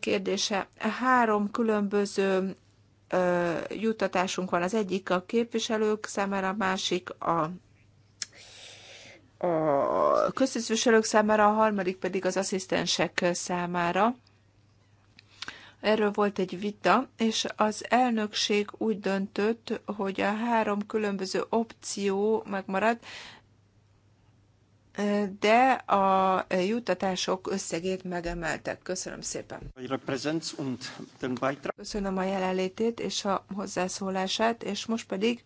Speaker 3: kérdése. Három különböző juttatásunk van. Az egyik a képviselők számára, a másik a
Speaker 1: a
Speaker 3: köztisztviselők számára, a harmadik pedig az asszisztensek számára. Erről volt egy vita, és az elnökség úgy döntött, hogy a három különböző opció megmarad, de a juttatások összegét megemeltek. Köszönöm szépen. Köszönöm a jelenlétét és a hozzászólását, és most pedig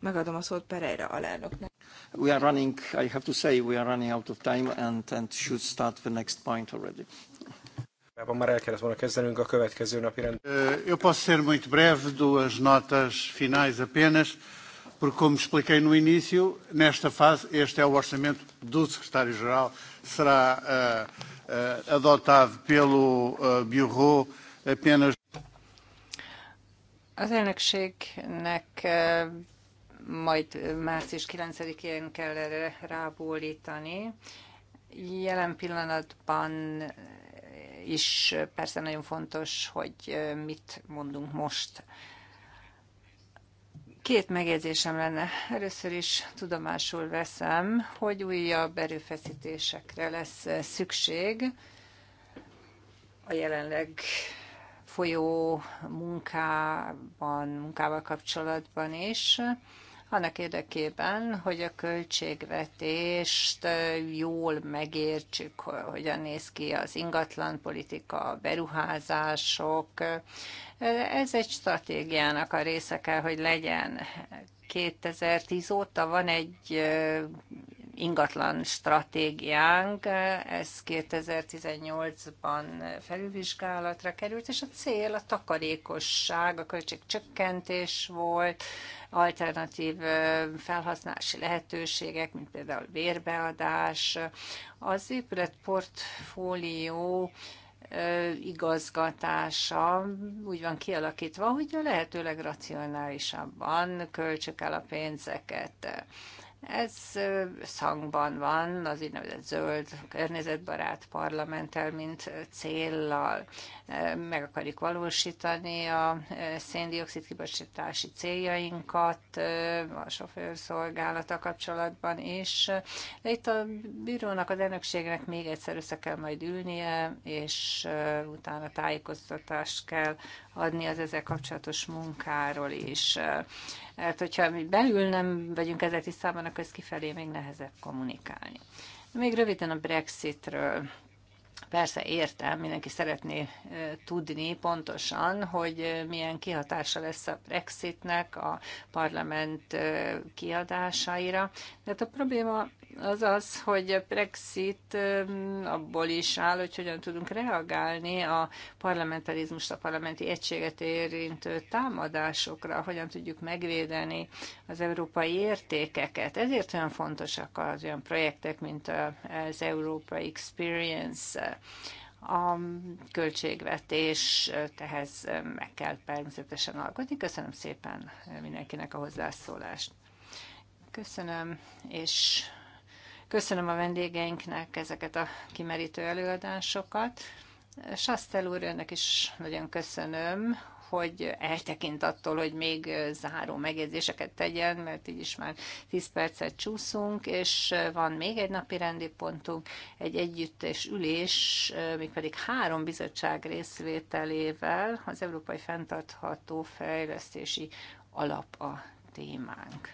Speaker 3: megadom a szót Pereira alelnöknek.
Speaker 1: We are running, I have to say, we are running out of time and, and should start the next point already. Már el kellett volna kezdenünk a következő napi rend.
Speaker 3: Eh, eu posso ser muito breve, duas notas finais apenas porque, como expliquei no início, nesta fase, este é o orçamento do
Speaker 2: Secretário-Geral, será uh, uh, adotado pelo uh, Bureau apenas. Az elnökségnek majd március 9-én kell erre rábólítani. Jelen pillanatban is persze nagyon fontos, hogy mit mondunk most Két megjegyzésem lenne. Először is tudomásul veszem, hogy újabb erőfeszítésekre lesz szükség a jelenleg folyó munkában, munkával kapcsolatban is annak érdekében, hogy a költségvetést jól megértsük, hogyan néz ki az ingatlan politika, a beruházások. Ez egy stratégiának a része kell, hogy legyen. 2010 óta van egy ingatlan stratégiánk, ez 2018-ban felülvizsgálatra került, és a cél a takarékosság, a költségcsökkentés volt, alternatív felhasználási lehetőségek, mint például vérbeadás. Az épület portfólió igazgatása úgy van kialakítva, hogy a lehetőleg racionálisabban költsük el a pénzeket. Ez szangban van az úgynevezett zöld környezetbarát parlamenttel, mint céllal. Meg akarjuk valósítani a széndiokszid kibocsátási céljainkat a sofőrszolgálata kapcsolatban is. De itt a bírónak, az elnökségnek még egyszer össze kell majd ülnie, és utána tájékoztatást kell adni az ezzel kapcsolatos munkáról is. Mert hát, hogyha mi belül nem vagyunk ezzel tisztában, akkor ez kifelé még nehezebb kommunikálni. Még röviden a Brexitről. Persze értem, mindenki szeretné tudni pontosan, hogy milyen kihatása lesz a Brexitnek a parlament kiadásaira. De hát a probléma az az, hogy a Brexit abból is áll, hogy hogyan tudunk reagálni a parlamentarizmus, a parlamenti egységet érintő támadásokra, hogyan tudjuk megvédeni az európai értékeket. Ezért olyan fontosak az olyan projektek, mint az Európa Experience, a költségvetés, tehez meg kell természetesen alkotni. Köszönöm szépen mindenkinek a hozzászólást. Köszönöm, és Köszönöm a vendégeinknek ezeket a kimerítő előadásokat. Sasztel úr, önnek is nagyon köszönöm, hogy eltekint attól, hogy még záró megjegyzéseket tegyen, mert így is már 10 percet csúszunk, és van még egy napi rendi pontunk, egy együttes ülés, mégpedig három bizottság részvételével az Európai Fentartható Fejlesztési Alap a témánk.